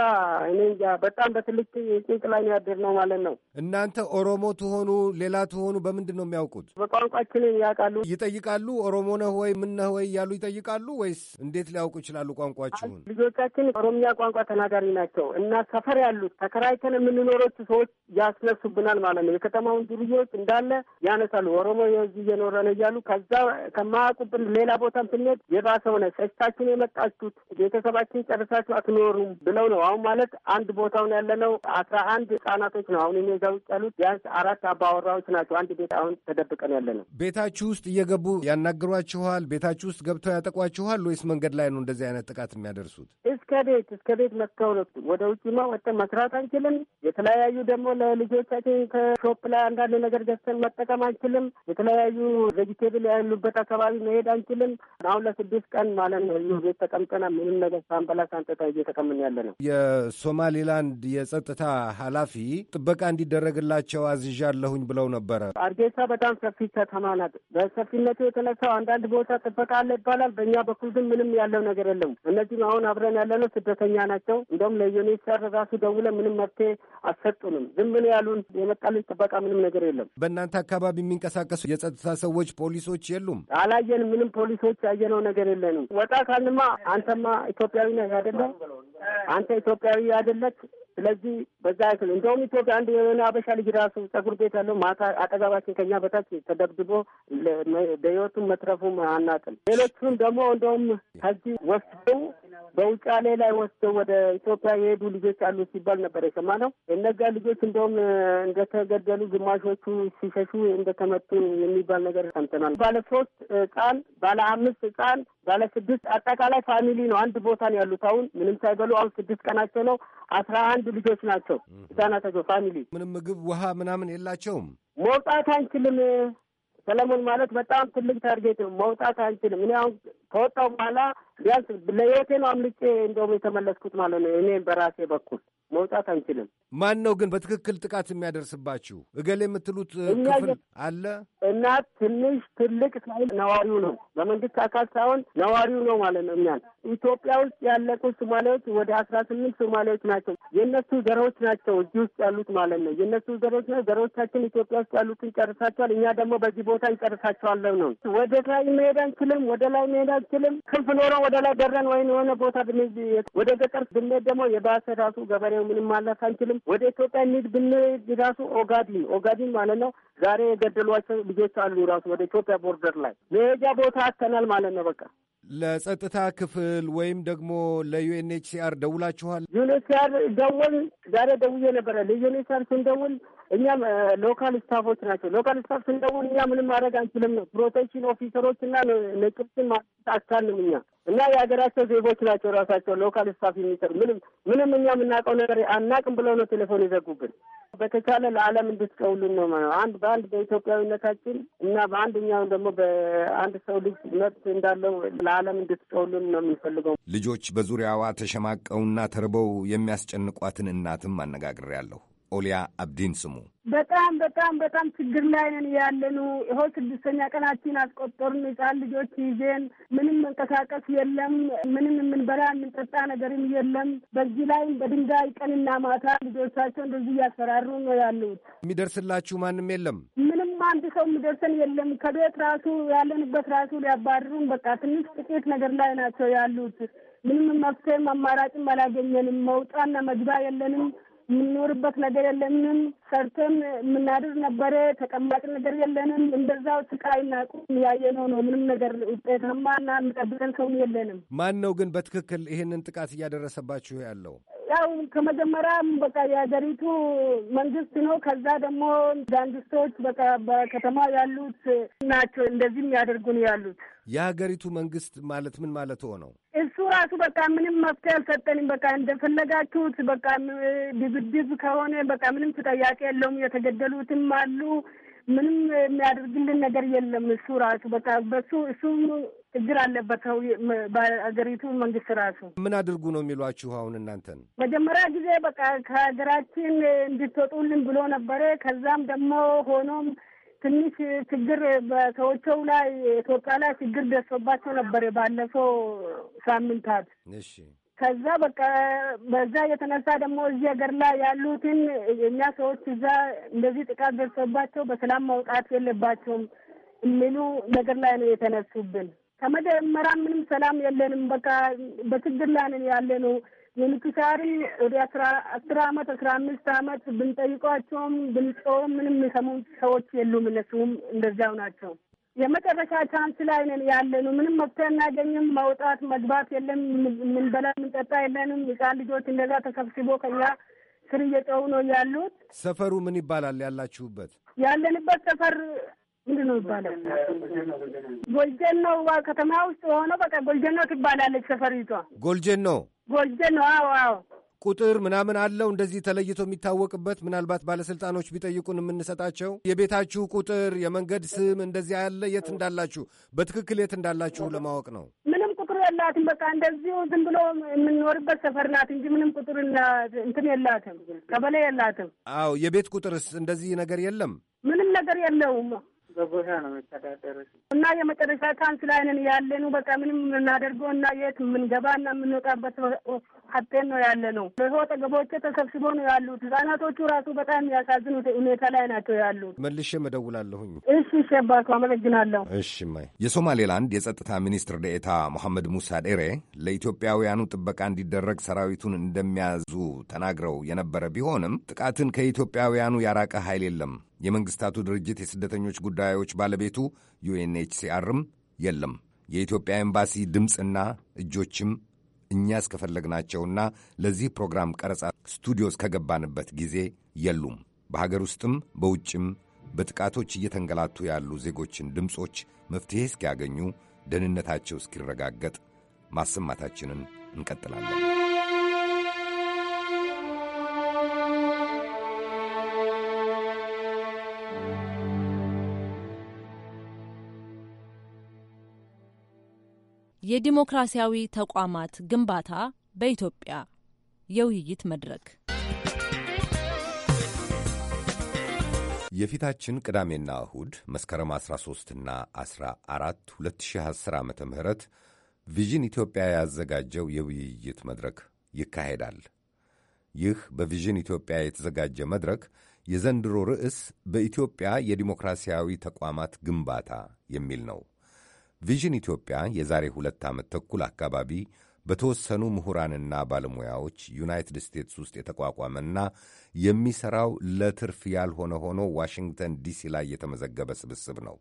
እኔ እንጃ በጣም በትልቅ ጭንቅ ላይ ነው ያደርነው ማለት ነው። እናንተ ኦሮሞ ትሆኑ ሌላ ትሆኑ በምንድን ነው የሚያውቁት? በቋንቋችንን ያውቃሉ። ይጠይቃሉ ኦሮሞ ነህ ወይ ምን ነህ ወይ እያሉ ይጠይቃሉ ወይስ እንዴት ሊያውቁ ይችላሉ ቋንቋችሁን? አሁን ልጆቻችን ኦሮሚያ ቋንቋ ተናጋሪ ናቸው እና ሰፈር ያሉት ተከራይተን የምንኖሮች ሰዎች ያስነሱብናል ማለት ነው። የከተማውን ዱርዬዎች እንዳለ ያነሳሉ። ኦሮሞ የዚህ እየኖረ ነው እያሉ ከዛ ከማያውቁብን ሌላ ቦታም ስንሄድ የባሰ ሆነ። ሸሽታችን የመጣችሁት ቤተሰባችን ጨርሳችሁ አትኖሩም ብለው ነው። አሁን ማለት አንድ ቦታውን ያለነው አስራ አንድ ህጻናቶች ነው። አሁን እኔ እዛ ውጭ ያሉት ቢያንስ አራት አባወራዎች ናቸው። አንድ ቤት አሁን ተደብቀን ያለ ነው። ቤታችሁ ውስጥ እየገቡ ያናግሯችኋል? ቤታችሁ ውስጥ ገብተው ያጠቋችኋል? ወይስ መንገድ ላይ ነው እንደዚህ አይነት ጥቃት የሚያደ የሚያደርሱት? እስከ ቤት እስከ ቤት መካውለቱ ወደ ውጭማ ወጥተን መስራት አንችልም። የተለያዩ ደግሞ ለልጆቻችን ከሾፕ ላይ አንዳንድ ነገር ገዝተን መጠቀም አንችልም። የተለያዩ ቬጅቴብል ያሉበት አካባቢ መሄድ አንችልም። አሁን ለስድስት ቀን ማለት ነው እዚሁ ቤት ተቀምጠና ምንም ነገር ሳንበላ ሳንጠጣ እየተቀምን ያለ ነው። የሶማሌላንድ የጸጥታ ኃላፊ ጥበቃ እንዲደረግላቸው አዝዣለሁኝ ብለው ነበረ። አርጌሳ በጣም ሰፊ ከተማ ናት። በሰፊነቱ የተነሳው አንዳንድ ቦታ ጥበቃ አለ ይባላል። በእኛ በኩል ግን ምንም ያለው ነገር የለም። እነዚህም አሁን አብረን ያለነው ስደተኛ ናቸው። እንደውም ለዩኒሴፍ ራሱ ደውለ ምንም መፍትሄ አልሰጡንም። ዝም ብሎ ያሉን የመጣልን ጥበቃ ምንም ነገር የለም። በእናንተ አካባቢ የሚንቀሳቀሱ የጸጥታ ሰዎች ፖሊሶች የሉም? አላየን ምንም ፖሊሶች ያየነው ነገር የለንም። ወጣ ካልንማ አንተማ ኢትዮጵያዊ ነህ አይደለም? አንተ ኢትዮጵያዊ አይደለች ስለዚህ በዛ ያክል እንደውም ኢትዮጵያ አንድ የሆነ አበሻ ልጅ ራሱ ጸጉር ቤት ያለው ማታ አጠገባችን ከኛ በታች ተደብድቦ ለህይወቱን መትረፉም አናቅም። ሌሎቹም ደግሞ እንደውም ከዚህ ወስደው በውጫሌ ላይ ወስደው ወደ ኢትዮጵያ የሄዱ ልጆች አሉ ሲባል ነበር የሰማነው። እነዚያ ልጆች እንደውም እንደተገደሉ ግማሾቹ ሲሸሹ እንደተመቱ የሚባል ነገር ሰምተናል። ባለ ሶስት ህጻን፣ ባለ አምስት ህጻን ባለ ስድስት አጠቃላይ ፋሚሊ ነው አንድ ቦታ ነው ያሉት። አሁን ምንም ሳይበሉ አሁን ስድስት ቀናቸው ነው። አስራ አንድ ልጆች ናቸው ህጻናቸው ፋሚሊ። ምንም ምግብ ውሃ ምናምን የላቸውም። መውጣት አንችልም ሰለሞን ማለት በጣም ትልቅ ታርጌት ነው። መውጣት አንችልም። እኔ አሁን ከወጣው በኋላ ቢያንስ ለየቴ ነው አምልጬ እንደውም የተመለስኩት ማለት ነው እኔ በራሴ በኩል መውጣት አንችልም። ማን ነው ግን በትክክል ጥቃት የሚያደርስባችሁ? እገሌ የምትሉት ክፍል አለ እና ትንሽ ትልቅ ሳይል ነዋሪው ነው፣ በመንግስት አካል ሳይሆን ነዋሪው ነው ማለት ነው። እኛን ኢትዮጵያ ውስጥ ያለቁ ሶማሌዎች ወደ አስራ ስምንት ሶማሌዎች ናቸው። የእነሱ ዘሮች ናቸው እዚህ ውስጥ ያሉት ማለት ነው። የእነሱ ዘሮች ነው። ዘሮቻችን ኢትዮጵያ ውስጥ ያሉትን ጨርሳቸዋል። እኛ ደግሞ በዚህ ቦታ እንጨርሳቸዋለን ነው። ወደ ላይ መሄድ አንችልም። ወደ ላይ መሄድ አንችልም። ክንፍ ኖረው ወደ ላይ ደረን ወይም የሆነ ቦታ ወደ ገጠር ብንሄድ ደግሞ የባሰ ራሱ ገበሬ ምንም ማለት አንችልም። ወደ ኢትዮጵያ እንሂድ ብንል ራሱ ኦጋዲን ኦጋዲን ማለት ነው። ዛሬ የገደሏቸው ልጆች አሉ። ራሱ ወደ ኢትዮጵያ ቦርደር ላይ መሄጃ ቦታ አተናል ማለት ነው። በቃ ለጸጥታ ክፍል ወይም ደግሞ ለዩኤንኤችሲአር ደውላችኋል? ዩኤንኤችሲአር ደውል ዛሬ ደውዬ ነበረ። ለዩኤንኤችሲአር ስንደውል እኛም ሎካል ስታፎች ናቸው። ሎካል ስታፍ ስንደውል እኛ ምንም ማድረግ አንችልም ነው ፕሮቴክሽን ኦፊሰሮች እና ንቅብትን አካልም እኛ እና የሀገራቸው ዜጎች ናቸው ራሳቸው ሎካል ስታፍ የሚሰሩ ምንም ምንም እኛ የምናውቀው ነገር አናቅም ብለው ነው ቴሌፎን የዘጉብን። በተቻለ ለዓለም እንድትቀውልን ነው ማለት አንድ በአንድ በኢትዮጵያዊነታችን እና በአንደኛውን ደግሞ በአንድ ሰው ልጅ መብት እንዳለው ለዓለም እንድትቀውልን ነው የሚፈልገው። ልጆች በዙሪያዋ ተሸማቀውና ተርበው የሚያስጨንቋትን እናትም አነጋግሬያለሁ። ኦሊያ አብዲን ስሙ። በጣም በጣም በጣም ችግር ላይ ነን ያለኑ። ይኸው ስድስተኛ ቀናችን አስቆጠሩን። ህጻን ልጆች ይዜን ምንም መንቀሳቀስ የለም። ምንም የምንበላ የምንጠጣ ነገርም የለም። በዚህ ላይ በድንጋይ ቀንና ማታ ልጆቻቸው እንደዚህ እያሰራሩ ነው ያሉት። የሚደርስላችሁ ማንም የለም። ምንም አንድ ሰው የሚደርሰን የለም። ከቤት ራሱ ያለንበት ራሱ ሊያባርሩን፣ በቃ ትንሽ ጥቂት ነገር ላይ ናቸው ያሉት። ምንም መፍትሄም አማራጭም አላገኘንም። መውጣና መግባ የለንም። የምንኖርበት ነገር የለንም። ሰርተን የምናድር ነበረ። ተቀማጭ ነገር የለንም። እንደዛው ስቃይና ቁም ያየነው ነው። ምንም ነገር ውጤታማና የሚጠብቀን ሰው የለንም። ማን ነው ግን በትክክል ይህንን ጥቃት እያደረሰባችሁ ያለው? ያው ከመጀመሪያም በቃ የሀገሪቱ መንግስት ነው። ከዛ ደግሞ ጋንግስቶች በቃ በከተማ ያሉት ናቸው እንደዚህም ያደርጉን ያሉት የሀገሪቱ መንግስት ማለት ምን ማለት ሆነው ራሱ በቃ ምንም መፍትሄ አልሰጠንም። በቃ እንደፈለጋችሁት በቃ ድብድብ ከሆነ በቃ ምንም ተጠያቂ የለውም። የተገደሉትም አሉ። ምንም የሚያደርግልን ነገር የለም። እሱ ራሱ በቃ በሱ እሱ ችግር አለበት ሰው በሀገሪቱ መንግስት ራሱ ምን አድርጉ ነው የሚሏችሁ? አሁን እናንተን መጀመሪያ ጊዜ በቃ ከሀገራችን እንድትወጡልን ብሎ ነበረ። ከዛም ደግሞ ሆኖም ትንሽ ችግር በሰዎቸው ላይ ኢትዮጵያ ላይ ችግር ደርሶባቸው ነበር ባለፈው ሳምንታት። እሺ ከዛ በቃ በዛ የተነሳ ደግሞ እዚህ ሀገር ላይ ያሉትን እኛ ሰዎች እዛ እንደዚህ ጥቃት ደርሶባቸው በሰላም መውጣት የለባቸውም የሚሉ ነገር ላይ ነው የተነሱብን። ከመጀመሪያ ምንም ሰላም የለንም፣ በቃ በችግር ላይ ያለ ነው የንክሳሪ ወደ አስራ አስር አመት አስራ አምስት አመት ብንጠይቋቸውም ብንጮውም ምንም የሰሙ ሰዎች የሉም። እነሱም እንደዚያው ናቸው። የመጨረሻ ቻንስ ላይ ነን ያለነው። ምንም መፍትሄ እናገኝም። መውጣት መግባት የለም። ምንበላ ምንጠጣ የለንም። ህፃን ልጆች እንደዛ ተሰብስቦ ከኛ ስር እየጨው ነው ያሉት። ሰፈሩ ምን ይባላል ያላችሁበት? ያለንበት ሰፈር ምንድን ነው ይባላል? ጎልጀኖ ከተማ ውስጥ ሆኖ በቃ ጎልጀኖ ትባላለች ሰፈሪቷ። ጎልጀኖ ጎልጀኖ። አዎ አዎ። ቁጥር ምናምን አለው እንደዚህ ተለይቶ የሚታወቅበት ምናልባት ባለስልጣኖች ቢጠይቁን የምንሰጣቸው የቤታችሁ ቁጥር፣ የመንገድ ስም እንደዚህ ያለ የት እንዳላችሁ በትክክል የት እንዳላችሁ ለማወቅ ነው። ምንም ቁጥር የላትም። በቃ እንደዚሁ ዝም ብሎ የምንኖርበት ሰፈር ናት እንጂ ምንም ቁጥር እንትን የላትም፣ ቀበሌ የላትም። አዎ የቤት ቁጥርስ እንደዚህ ነገር የለም፣ ምንም ነገር የለውም። በጎሳ ነው የሚተዳደሩት እና የመጨረሻ ቻንስ ላይ ነን ነው። በቃ ምንም የምናደርገው እና የት የምንገባና የምንወጣበት ሀቴን ነው ያለ ነው። ለሆጠ ገቦች ተሰብስቦ ነው ያሉት። ህጻናቶቹ ራሱ በጣም የሚያሳዝኑት ሁኔታ ላይ ናቸው ያሉት። መልሼ መደውላለሁኝ። እሺ፣ ሸባቱ አባቱ አመሰግናለሁ። እሺ ማይ የሶማሌላንድ የጸጥታ ሚኒስትር ደኤታ መሐመድ ሙሳ ዴሬ ለኢትዮጵያውያኑ ጥበቃ እንዲደረግ ሰራዊቱን እንደሚያዙ ተናግረው የነበረ ቢሆንም ጥቃትን ከኢትዮጵያውያኑ ያራቀ ኃይል የለም የመንግስታቱ ድርጅት የስደተኞች ጉዳዮች ባለቤቱ ዩኤንኤችሲአርም የለም። የኢትዮጵያ ኤምባሲ ድምፅና እጆችም እኛ እስከፈለግናቸውና ለዚህ ፕሮግራም ቀረጻ ስቱዲዮ እስከገባንበት ጊዜ የሉም። በሀገር ውስጥም በውጭም በጥቃቶች እየተንገላቱ ያሉ ዜጎችን ድምፆች መፍትሄ እስኪያገኙ፣ ደህንነታቸው እስኪረጋገጥ ማሰማታችንን እንቀጥላለን። የዲሞክራሲያዊ ተቋማት ግንባታ በኢትዮጵያ የውይይት መድረክ የፊታችን ቅዳሜና እሁድ መስከረም 13ና 14 2010 ዓ ም ቪዥን ኢትዮጵያ ያዘጋጀው የውይይት መድረክ ይካሄዳል። ይህ በቪዥን ኢትዮጵያ የተዘጋጀ መድረክ የዘንድሮ ርዕስ በኢትዮጵያ የዲሞክራሲያዊ ተቋማት ግንባታ የሚል ነው። ቪዥን ኢትዮጵያ የዛሬ ሁለት ዓመት ተኩል አካባቢ በተወሰኑ ምሁራንና ባለሙያዎች ዩናይትድ ስቴትስ ውስጥ የተቋቋመና የሚሠራው ለትርፍ ያልሆነ ሆኖ ዋሽንግተን ዲሲ ላይ የተመዘገበ ስብስብ ነው።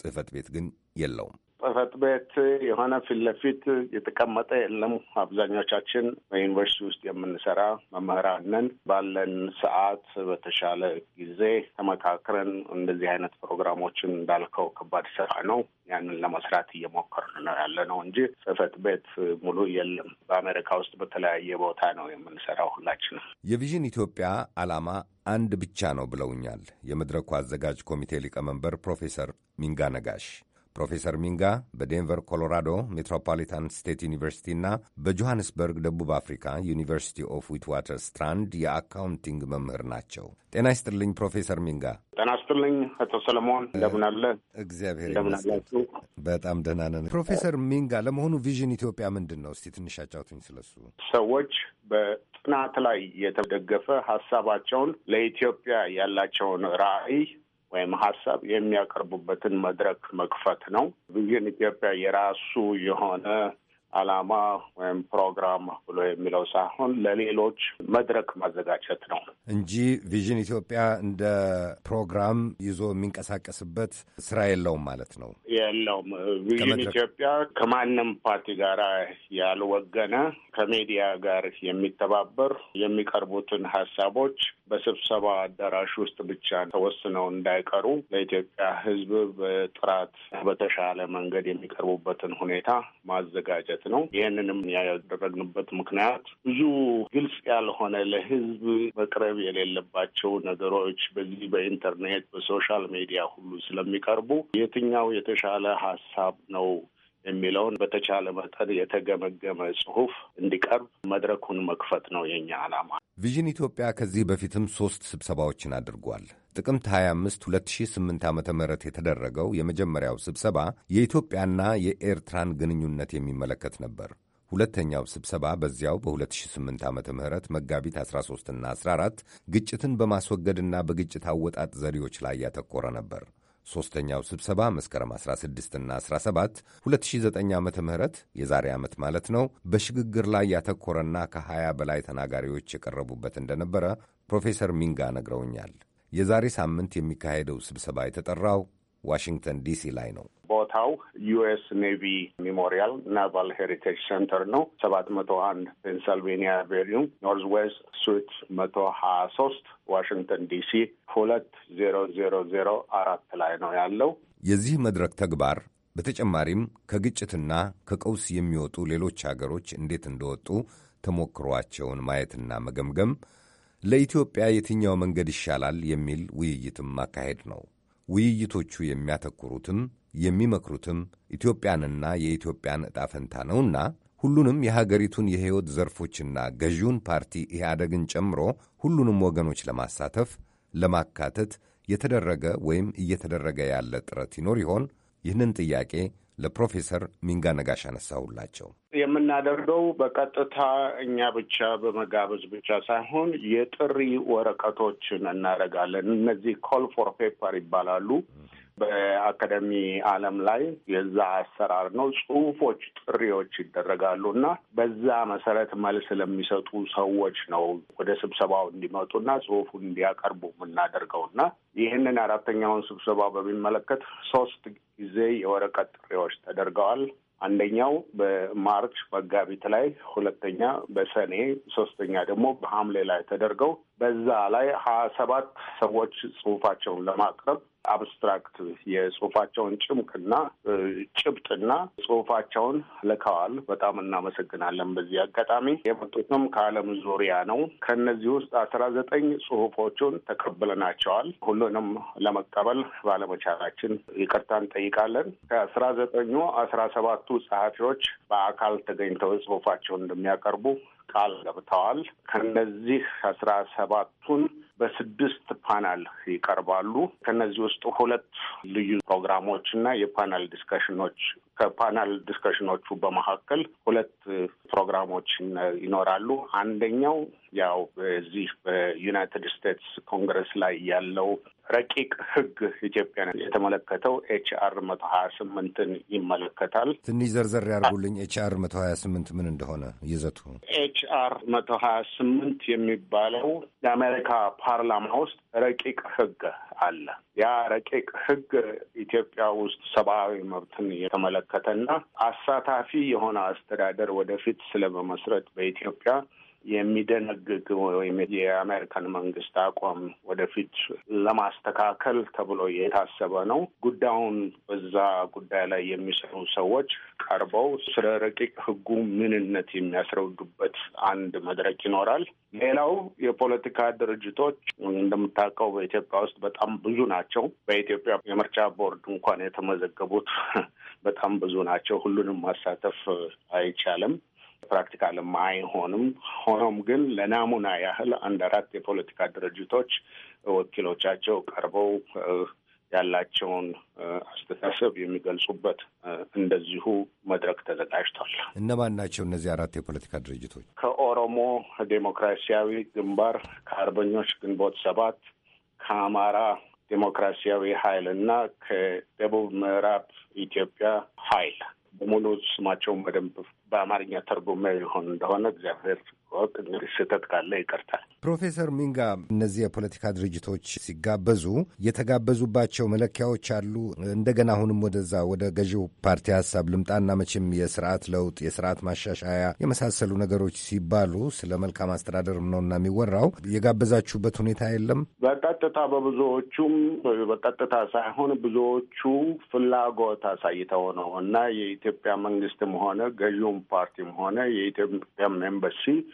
ጽሕፈት ቤት ግን የለውም። ጽህፈት ቤት የሆነ ፊት ለፊት የተቀመጠ የለም። አብዛኞቻችን በዩኒቨርሲቲ ውስጥ የምንሰራ መምህራንን ባለን ሰዓት በተሻለ ጊዜ ተመካክረን እንደዚህ አይነት ፕሮግራሞችን እንዳልከው ከባድ ስራ ነው። ያንን ለመስራት እየሞከርን ነው ያለ ነው እንጂ ጽህፈት ቤት ሙሉ የለም። በአሜሪካ ውስጥ በተለያየ ቦታ ነው የምንሰራው ሁላችንም። የቪዥን ኢትዮጵያ አላማ አንድ ብቻ ነው ብለውኛል የመድረኩ አዘጋጅ ኮሚቴ ሊቀመንበር ፕሮፌሰር ሚንጋ ነጋሽ። ፕሮፌሰር ሚንጋ በዴንቨር ኮሎራዶ ሜትሮፖሊታን ስቴት ዩኒቨርሲቲ እና በጆሃንስበርግ ደቡብ አፍሪካ ዩኒቨርሲቲ ኦፍ ዊትዋተር ስትራንድ የአካውንቲንግ መምህር ናቸው። ጤና ይስጥልኝ ፕሮፌሰር ሚንጋ። ጤና ይስጥልኝ አቶ ሰለሞን፣ እንደምን አለ? እግዚአብሔር ይመስገን በጣም ደህና ነን። ፕሮፌሰር ሚንጋ ለመሆኑ ቪዥን ኢትዮጵያ ምንድን ነው? እስቲ ትንሽ አጫውቱኝ ስለሱ። ሰዎች በጥናት ላይ የተደገፈ ሀሳባቸውን ለኢትዮጵያ ያላቸውን ራዕይ ወይም ሀሳብ የሚያቀርቡበትን መድረክ መክፈት ነው። ቪዥን ኢትዮጵያ የራሱ የሆነ አላማ ወይም ፕሮግራም ብሎ የሚለው ሳይሆን ለሌሎች መድረክ ማዘጋጀት ነው እንጂ ቪዥን ኢትዮጵያ እንደ ፕሮግራም ይዞ የሚንቀሳቀስበት ስራ የለውም ማለት ነው። የለውም። ቪዥን ኢትዮጵያ ከማንም ፓርቲ ጋር ያልወገነ ከሚዲያ ጋር የሚተባበር የሚቀርቡትን ሀሳቦች በስብሰባ አዳራሽ ውስጥ ብቻ ተወስነው እንዳይቀሩ ለኢትዮጵያ ሕዝብ በጥራት በተሻለ መንገድ የሚቀርቡበትን ሁኔታ ማዘጋጀት ነው። ይህንንም ያደረግንበት ምክንያት ብዙ ግልጽ ያልሆነ ለሕዝብ መቅረብ የሌለባቸው ነገሮች በዚህ በኢንተርኔት በሶሻል ሚዲያ ሁሉ ስለሚቀርቡ የትኛው የተሻለ ሀሳብ ነው የሚለውን በተቻለ መጠን የተገመገመ ጽሁፍ እንዲቀርብ መድረኩን መክፈት ነው የኛ ዓላማ። ቪዥን ኢትዮጵያ ከዚህ በፊትም ሶስት ስብሰባዎችን አድርጓል። ጥቅምት 25 2008 ዓ ም የተደረገው የመጀመሪያው ስብሰባ የኢትዮጵያና የኤርትራን ግንኙነት የሚመለከት ነበር። ሁለተኛው ስብሰባ በዚያው በ2008 ዓ ም መጋቢት 13ና 14 ግጭትን በማስወገድና በግጭት አወጣጥ ዘዴዎች ላይ ያተኮረ ነበር። ሦስተኛው ስብሰባ መስከረም 16ና 17 2009 ዓ ም የዛሬ ዓመት ማለት ነው በሽግግር ላይ ያተኮረና ከ20 በላይ ተናጋሪዎች የቀረቡበት እንደነበረ ፕሮፌሰር ሚንጋ ነግረውኛል። የዛሬ ሳምንት የሚካሄደው ስብሰባ የተጠራው ዋሽንግተን ዲሲ ላይ ነው። ቦታው ዩኤስ ኔቪ ሜሞሪያል ናቫል ሄሪቴጅ ሴንተር ነው። ሰባት መቶ አንድ ፔንሳልቬኒያ አቬኒው ኖርዝ ዌስት ሱት መቶ ሀያ ሶስት ዋሽንግተን ዲሲ ሁለት ዜሮ ዜሮ ዜሮ አራት ላይ ነው ያለው። የዚህ መድረክ ተግባር በተጨማሪም ከግጭትና ከቀውስ የሚወጡ ሌሎች አገሮች እንዴት እንደወጡ ተሞክሯቸውን ማየትና መገምገም፣ ለኢትዮጵያ የትኛው መንገድ ይሻላል የሚል ውይይትም ማካሄድ ነው። ውይይቶቹ የሚያተኩሩትም የሚመክሩትም ኢትዮጵያንና የኢትዮጵያን ዕጣ ፈንታ ነውና ሁሉንም የሀገሪቱን የሕይወት ዘርፎችና ገዢውን ፓርቲ ኢህአደግን ጨምሮ ሁሉንም ወገኖች ለማሳተፍ ለማካተት የተደረገ ወይም እየተደረገ ያለ ጥረት ይኖር ይሆን? ይህንን ጥያቄ ለፕሮፌሰር ሚንጋ ነጋሽ አነሳሁላቸው። የምናደርገው በቀጥታ እኛ ብቻ በመጋበዝ ብቻ ሳይሆን የጥሪ ወረቀቶችን እናደርጋለን። እነዚህ ኮል ፎር ፔፐር ይባላሉ። በአካደሚ ዓለም ላይ የዛ አሰራር ነው። ጽሁፎች፣ ጥሪዎች ይደረጋሉ እና በዛ መሰረት መልስ ለሚሰጡ ሰዎች ነው ወደ ስብሰባው እንዲመጡና ጽሁፉን እንዲያቀርቡ የምናደርገው እና ይህንን አራተኛውን ስብሰባ በሚመለከት ሶስት ጊዜ የወረቀት ጥሪዎች ተደርገዋል። አንደኛው በማርች መጋቢት ላይ፣ ሁለተኛ በሰኔ፣ ሶስተኛ ደግሞ በሐምሌ ላይ ተደርገው በዛ ላይ ሀያ ሰባት ሰዎች ጽሁፋቸውን ለማቅረብ አብስትራክት የጽሁፋቸውን ጭምቅና ጭብጥና ጽሁፋቸውን ልከዋል። በጣም እናመሰግናለን። በዚህ አጋጣሚ የመጡትም ከዓለም ዙሪያ ነው። ከእነዚህ ውስጥ አስራ ዘጠኝ ጽሁፎቹን ተቀብለናቸዋል። ሁሉንም ለመቀበል ባለመቻላችን ይቅርታ እንጠይቃለን። ከአስራ ዘጠኙ አስራ ሰባቱ ጸሐፊዎች በአካል ተገኝተው ጽሁፋቸውን እንደሚያቀርቡ ቃል ገብተዋል። ከነዚህ አስራ ሰባቱን በስድስት ፓናል ይቀርባሉ። ከነዚህ ውስጥ ሁለት ልዩ ፕሮግራሞች እና የፓናል ዲስከሽኖች ከፓናል ዲስከሽኖቹ በመካከል ሁለት ፕሮግራሞች ይኖራሉ። አንደኛው ያው በዚህ በዩናይትድ ስቴትስ ኮንግረስ ላይ ያለው ረቂቅ ሕግ ኢትዮጵያን የተመለከተው ኤች አር መቶ ሀያ ስምንትን ይመለከታል። ትንሽ ዘርዘር ያርጉልኝ። ኤች አር መቶ ሀያ ስምንት ምን እንደሆነ ይዘቱ። ኤች አር መቶ ሀያ ስምንት የሚባለው የአሜሪካ ፓርላማ ውስጥ ረቂቅ ሕግ አለ ያ ረቂቅ ህግ ኢትዮጵያ ውስጥ ሰብአዊ መብትን እየተመለከተና አሳታፊ የሆነ አስተዳደር ወደፊት ስለመመስረት በኢትዮጵያ የሚደነግግ ወይም የአሜሪካን መንግስት አቋም ወደፊት ለማስተካከል ተብሎ የታሰበ ነው። ጉዳዩን በዛ ጉዳይ ላይ የሚሰሩ ሰዎች ቀርበው ስለ ረቂቅ ህጉ ምንነት የሚያስረዱበት አንድ መድረክ ይኖራል። ሌላው የፖለቲካ ድርጅቶች እንደምታውቀው በኢትዮጵያ ውስጥ በጣም ብዙ ናቸው። በኢትዮጵያ የምርጫ ቦርድ እንኳን የተመዘገቡት በጣም ብዙ ናቸው። ሁሉንም ማሳተፍ አይቻልም። ፕራክቲካልም አይሆንም። ሆኖም ግን ለናሙና ያህል አንድ አራት የፖለቲካ ድርጅቶች ወኪሎቻቸው ቀርበው ያላቸውን አስተሳሰብ የሚገልጹበት እንደዚሁ መድረክ ተዘጋጅቷል። እነማን ናቸው እነዚህ አራት የፖለቲካ ድርጅቶች? ከኦሮሞ ዴሞክራሲያዊ ግንባር፣ ከአርበኞች ግንቦት ሰባት፣ ከአማራ ዴሞክራሲያዊ ኃይል እና ከደቡብ ምዕራብ ኢትዮጵያ ኃይል ሙሉ ስማቸውን በደንብ በአማርኛ ተርጉሜ ይሆን እንደሆነ እግዚአብሔር ስህተት ካለ ይቀርታል። ፕሮፌሰር ሚንጋ እነዚህ የፖለቲካ ድርጅቶች ሲጋበዙ የተጋበዙባቸው መለኪያዎች አሉ። እንደገና አሁንም ወደዛ ወደ ገዢው ፓርቲ ሀሳብ ልምጣና መቼም የስርዓት ለውጥ የስርዓት ማሻሻያ የመሳሰሉ ነገሮች ሲባሉ ስለ መልካም አስተዳደርም ነውና የሚወራው የጋበዛችሁበት ሁኔታ የለም። በቀጥታ በብዙዎቹም በቀጥታ ሳይሆን ብዙዎቹ ፍላጎት አሳይተው ነው እና የኢትዮጵያ መንግስትም ሆነ ገዢውም ፓርቲም ሆነ የኢትዮጵያም ኤምባሲ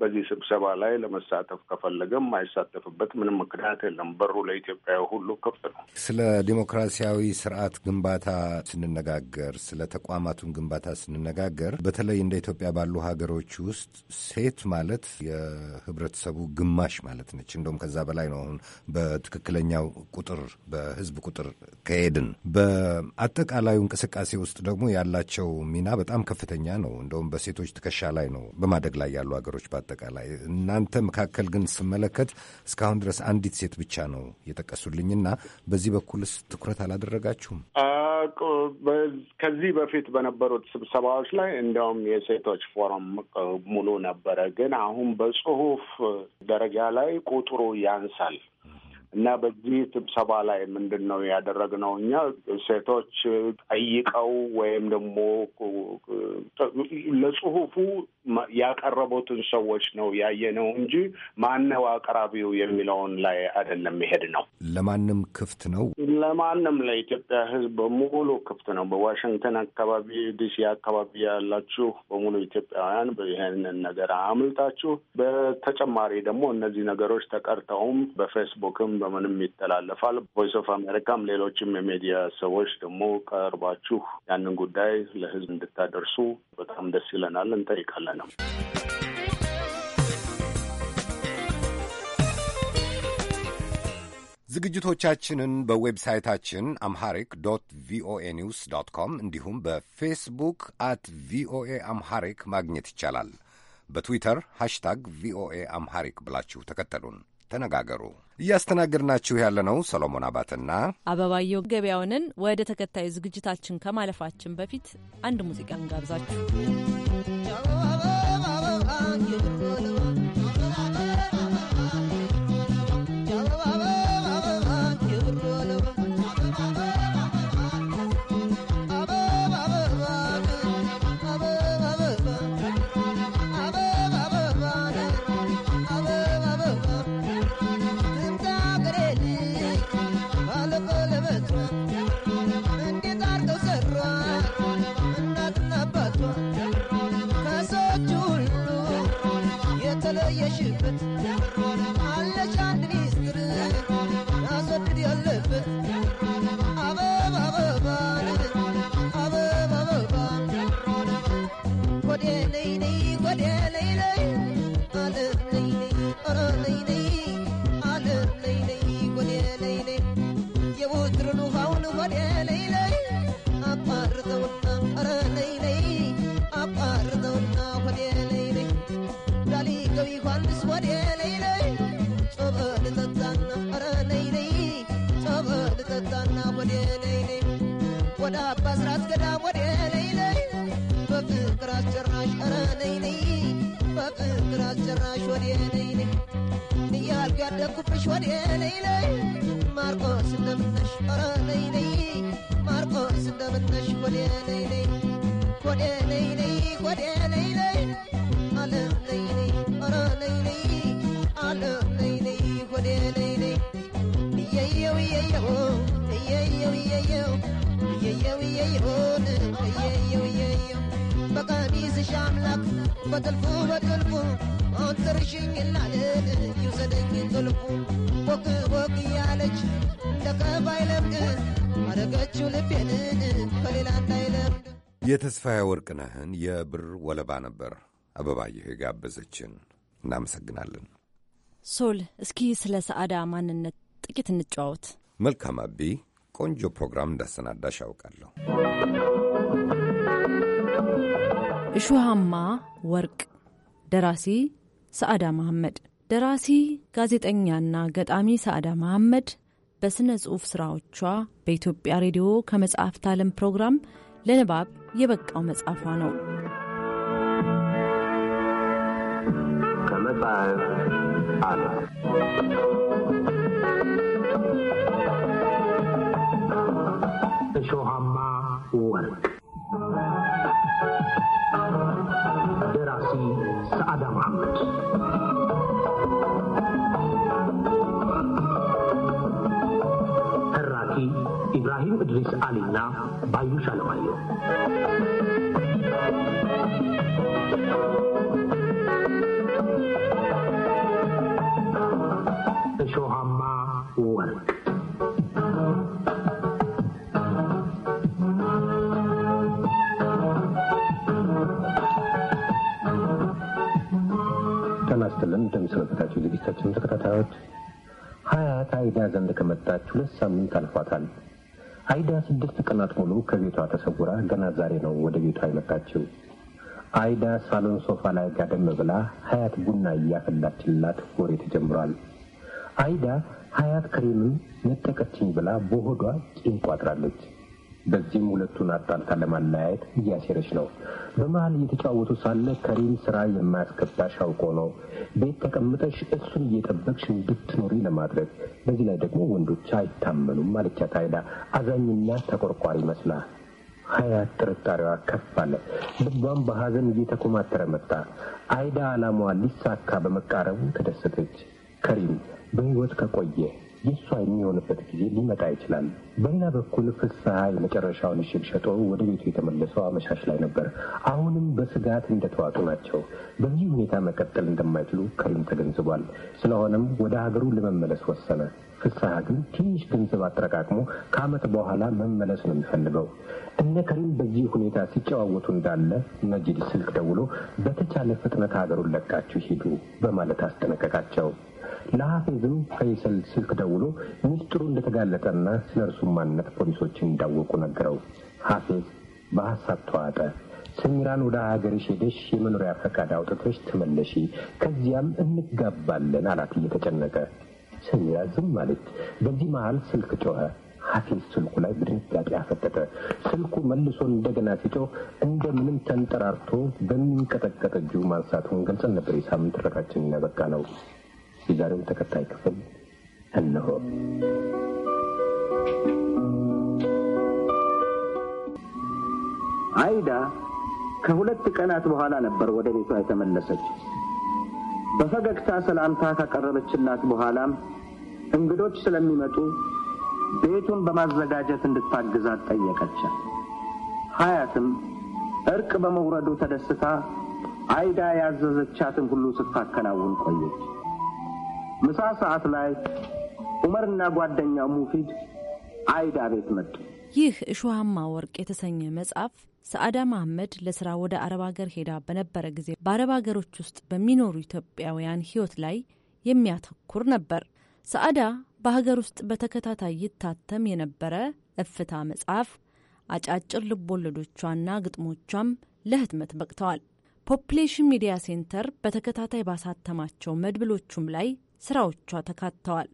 በዚህ ስብሰባ ላይ ለመሳተፍ ከፈለገ የማይሳተፍበት ምንም ምክንያት የለም። በሩ ለኢትዮጵያ ሁሉ ክፍት ነው። ስለ ዲሞክራሲያዊ ስርዓት ግንባታ ስንነጋገር፣ ስለ ተቋማቱን ግንባታ ስንነጋገር በተለይ እንደ ኢትዮጵያ ባሉ ሀገሮች ውስጥ ሴት ማለት የህብረተሰቡ ግማሽ ማለት ነች። እንደውም ከዛ በላይ ነው። አሁን በትክክለኛው ቁጥር በህዝብ ቁጥር ከሄድን በአጠቃላዩ እንቅስቃሴ ውስጥ ደግሞ ያላቸው ሚና በጣም ከፍተኛ ነው። እንደውም በሴቶች ትከሻ ላይ ነው በማደግ ላይ ያሉ ሀገሮች በአጠቃላይ እናንተ መካከል ግን ስመለከት እስካሁን ድረስ አንዲት ሴት ብቻ ነው የጠቀሱልኝና በዚህ በኩልስ ትኩረት አላደረጋችሁም? ከዚህ በፊት በነበሩት ስብሰባዎች ላይ እንዲያውም የሴቶች ፎረም ሙሉ ነበረ። ግን አሁን በጽሁፍ ደረጃ ላይ ቁጥሩ ያንሳል። እና በዚህ ስብሰባ ላይ ምንድን ነው ያደረግነው? እኛ ሴቶች ጠይቀው ወይም ደግሞ ለጽሁፉ ያቀረቡትን ሰዎች ነው ያየነው እንጂ ማነው አቅራቢው የሚለውን ላይ አይደለም የሄድ ነው። ለማንም ክፍት ነው፣ ለማንም ለኢትዮጵያ ሕዝብ በሙሉ ክፍት ነው። በዋሽንግተን አካባቢ ዲሲ አካባቢ ያላችሁ በሙሉ ኢትዮጵያውያን ይህንን ነገር አምልጣችሁ፣ በተጨማሪ ደግሞ እነዚህ ነገሮች ተቀርተውም በፌስቡክም በምንም ይተላለፋል። ቮይስ ኦፍ አሜሪካም ሌሎችም የሚዲያ ሰዎች ደግሞ ቀርባችሁ ያንን ጉዳይ ለህዝብ እንድታደርሱ በጣም ደስ ይለናል፣ እንጠይቃለንም። ዝግጅቶቻችንን በዌብሳይታችን አምሃሪክ ዶት ቪኦኤ ኒውስ ዶት ኮም እንዲሁም በፌስቡክ አት ቪኦኤ አምሃሪክ ማግኘት ይቻላል። በትዊተር ሃሽታግ ቪኦኤ አምሃሪክ ብላችሁ ተከተሉን፣ ተነጋገሩ። እያስተናገድናችሁ ያለነው ሰሎሞን አባትና አበባየው ገበያውንን። ወደ ተከታዩ ዝግጅታችን ከማለፋችን በፊት አንድ ሙዚቃ እንጋብዛችሁ። ና ወደ ላይ ላይ ወደ አባዝራት ገዳም ወደ ላይ ላይ በፍቅር አስጨራሽ ኧረ ነይ ነይ በፍቅር አስጨራሽ ወዴ ላይ ላይ እያልኩ ያደግኩብሽ ወደ ላይ ላይ ማርቆስ እንደምነሽ ኧረ ነይ ነይ ማርቆስ እንደምነሽ ወደ ላይ ላይ ወደ ላይ ላይ ይሁን እየየው በቀሚስሽ አምላክ በጥልፉ በጥልፉ አንጥርሽኝ ላልን ይውሰደኝ ጥልፉ ቦክ ቦክ እያለች ለቀባ ይለምድን አረገችው ልቤን ከሌላ እንዳይለምድ የተስፋዬ ወርቅነህን የብር ወለባ ነበር አበባየሁ የጋበዘችን። እናመሰግናለን። ሶል፣ እስኪ ስለ ሰአዳ ማንነት ጥቂት እንጨዋወት። መልካም አቢ ቆንጆ ፕሮግራም እንዳሰናዳሽ ያውቃለሁ። እሹሃማ ወርቅ ደራሲ ሰዓዳ መሐመድ ደራሲ ጋዜጠኛና ገጣሚ ሰዓዳ መሐመድ በሥነ ጽሑፍ ሥራዎቿ በኢትዮጵያ ሬዲዮ ከመጽሐፍት ዓለም ፕሮግራም ለንባብ የበቃው መጽሐፏ ነው። ከመጽሐፍ ዓለም هما ورد دراسي سعد محمد حراكي إبراهيم إدريس علينا بايو شالوايو هما ورد ሰዓት ሀያት አይዳ ዘንድ ከመጣች ሁለት ሳምንት አልፏታል። አይዳ ስድስት ቀናት ሙሉ ከቤቷ ተሰውራ ገና ዛሬ ነው ወደ ቤቷ የመጣችው። አይዳ ሳሎን ሶፋ ላይ ጋደም ብላ ሀያት ቡና እያፈላችላት ወሬ ተጀምሯል። አይዳ ሀያት ክሬምን ነጠቀችኝ ብላ በሆዷ ቂም ቋጥራለች። በዚህም ሁለቱን አጣልታ ለማለያየት እያሴረች ነው። በመሀል እየተጫወቱ ሳለ ከሪም ስራ የማያስገባሽ አውቆ ነው ቤት ተቀምጠሽ እሱን እየጠበቅሽ እንድትኖሪ ለማድረግ። በዚህ ላይ ደግሞ ወንዶች አይታመኑም ማለቻት አይዳ አዛኝና ተቆርቋሪ መስላ። ሀያት ጥርጣሬዋ ከፍ አለ። ልቧም በሀዘን እየተኮማተረ መጣ። አይዳ አላማዋ ሊሳካ በመቃረቡ ተደሰተች። ከሪም በሕይወት ከቆየ የእሷ የሚሆንበት ጊዜ ሊመጣ ይችላል። በሌላ በኩል ፍስሐ የመጨረሻውን እሽግ ሸጦ ወደ ቤቱ የተመለሰው አመሻሽ ላይ ነበር። አሁንም በስጋት እንደተዋጡ ናቸው። በዚህ ሁኔታ መቀጠል እንደማይችሉ ከሪም ተገንዝቧል። ስለሆነም ወደ ሀገሩ ለመመለስ ወሰነ። ፍስሐ ግን ትንሽ ገንዘብ አጠረቃቅሞ ከዓመት በኋላ መመለስ ነው የሚፈልገው። እነ ከሪም በዚህ ሁኔታ ሲጨዋወቱ እንዳለ መጂድ ስልክ ደውሎ በተቻለ ፍጥነት ሀገሩን ለቃችሁ ሂዱ በማለት አስጠነቀቃቸው። ለሀፌዝም ፈይሰል ስልክ ደውሎ ሚስጥሩ እንደተጋለጠና ስለ እርሱም ማንነት ፖሊሶች እንዳወቁ ነገረው። ሐፊዝ በሀሳብ ተዋጠ። ሰሚራን ወደ ሀገርሽ ሄደሽ የመኖሪያ ፈቃድ አውጥተሽ ትመለሽ ከዚያም እንጋባለን አላት እየተጨነቀ። ሰሚራ ዝም አለች። በዚህ መሀል ስልክ ጮኸ። ሐፊዝ ስልኩ ላይ በድንጋጤ አፈጠጠ። ስልኩ መልሶ እንደገና ሲጮህ እንደምንም ተንጠራርቶ በሚንቀጠቀጥ እጁ ማንሳቱን ገልጸን ነበር። የሳምንት ረታችን ያበቃ ነው። የዛሬው ተከታይ ክፍል እነሆ። አይዳ ከሁለት ቀናት በኋላ ነበር ወደ ቤቷ የተመለሰች። በፈገግታ ሰላምታ ካቀረበችላት በኋላም እንግዶች ስለሚመጡ ቤቱን በማዘጋጀት እንድታግዛት ጠየቀቻት። ሀያትም እርቅ በመውረዱ ተደስታ አይዳ ያዘዘቻትን ሁሉ ስታከናውን ቆየች። ምሳ ሰዓት ላይ ዑመርና ጓደኛው ሙፊድ አይዳ ቤት መጡ። ይህ እሾሃማ ወርቅ የተሰኘ መጽሐፍ ሰአዳ መሐመድ ለስራ ወደ አረብ ሀገር ሄዳ በነበረ ጊዜ በአረብ ሀገሮች ውስጥ በሚኖሩ ኢትዮጵያውያን ሕይወት ላይ የሚያተኩር ነበር። ሰአዳ በሀገር ውስጥ በተከታታይ ይታተም የነበረ እፍታ መጽሐፍ፣ አጫጭር ልቦለዶቿና ግጥሞቿም ለህትመት በቅተዋል። ፖፕሌሽን ሚዲያ ሴንተር በተከታታይ ባሳተማቸው መድብሎቹም ላይ ስራዎቿ ተካተዋል።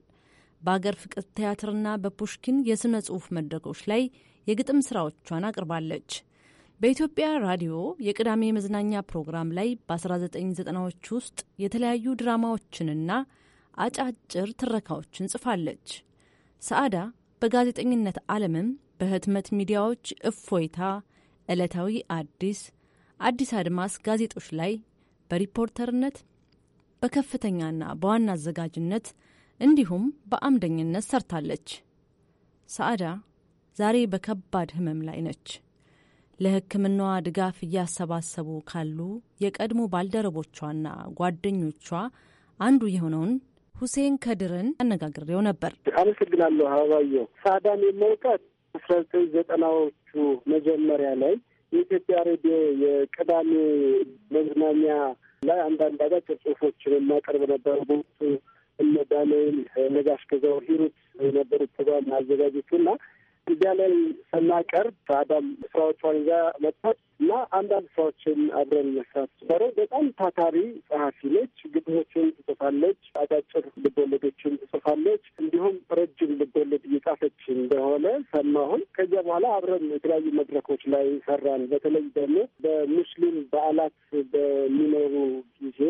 በአገር ፍቅር ቲያትርና በፑሽኪን የሥነ ጽሑፍ መድረኮች ላይ የግጥም ስራዎቿን አቅርባለች። በኢትዮጵያ ራዲዮ የቅዳሜ መዝናኛ ፕሮግራም ላይ በ1990ዎች ውስጥ የተለያዩ ድራማዎችንና አጫጭር ትረካዎችን ጽፋለች። ሰዓዳ በጋዜጠኝነት ዓለምም በህትመት ሚዲያዎች እፎይታ፣ ዕለታዊ አዲስ፣ አዲስ አድማስ ጋዜጦች ላይ በሪፖርተርነት በከፍተኛና በዋና አዘጋጅነት እንዲሁም በአምደኝነት ሰርታለች። ሳዕዳ ዛሬ በከባድ ህመም ላይ ነች። ለሕክምናዋ ድጋፍ እያሰባሰቡ ካሉ የቀድሞ ባልደረቦቿና ጓደኞቿ አንዱ የሆነውን ሁሴን ከድርን አነጋግሬው ነበር። አመሰግናለሁ አበባየሁ። ሳዳን የማውቃት አስራ ዘጠኝ ዘጠናዎቹ መጀመሪያ ላይ የኢትዮጵያ ሬዲዮ የቅዳሜ መዝናኛ ላይ አንዳንድ አጫጭር ጽሁፎችን የማቀርብ ነበር። በወቅቱ እነ ዳንኤል ነጋሽ ከዛው ሂሩት የነበሩት ፕሮግራም አዘጋጆቹ እና እዚያ ላይ ስናቀርብ አዳም ስራዎቿን ይዛ መጥታት እና አንዳንድ ስራዎችን አብረን መስራት ነበረ። በጣም ታታሪ ጸሐፊ ነች። ግጥሞችን ትጽፋለች፣ አጫጭር ልቦለዶችን ትጽፋለች። እንዲሁም ረጅም ልቦለድ እየጻፈች እንደሆነ ሰማሁን። ከዚያ በኋላ አብረን የተለያዩ መድረኮች ላይ ሰራን። በተለይ ደግሞ በሙስሊም በዓላት በሚኖሩ ጊዜ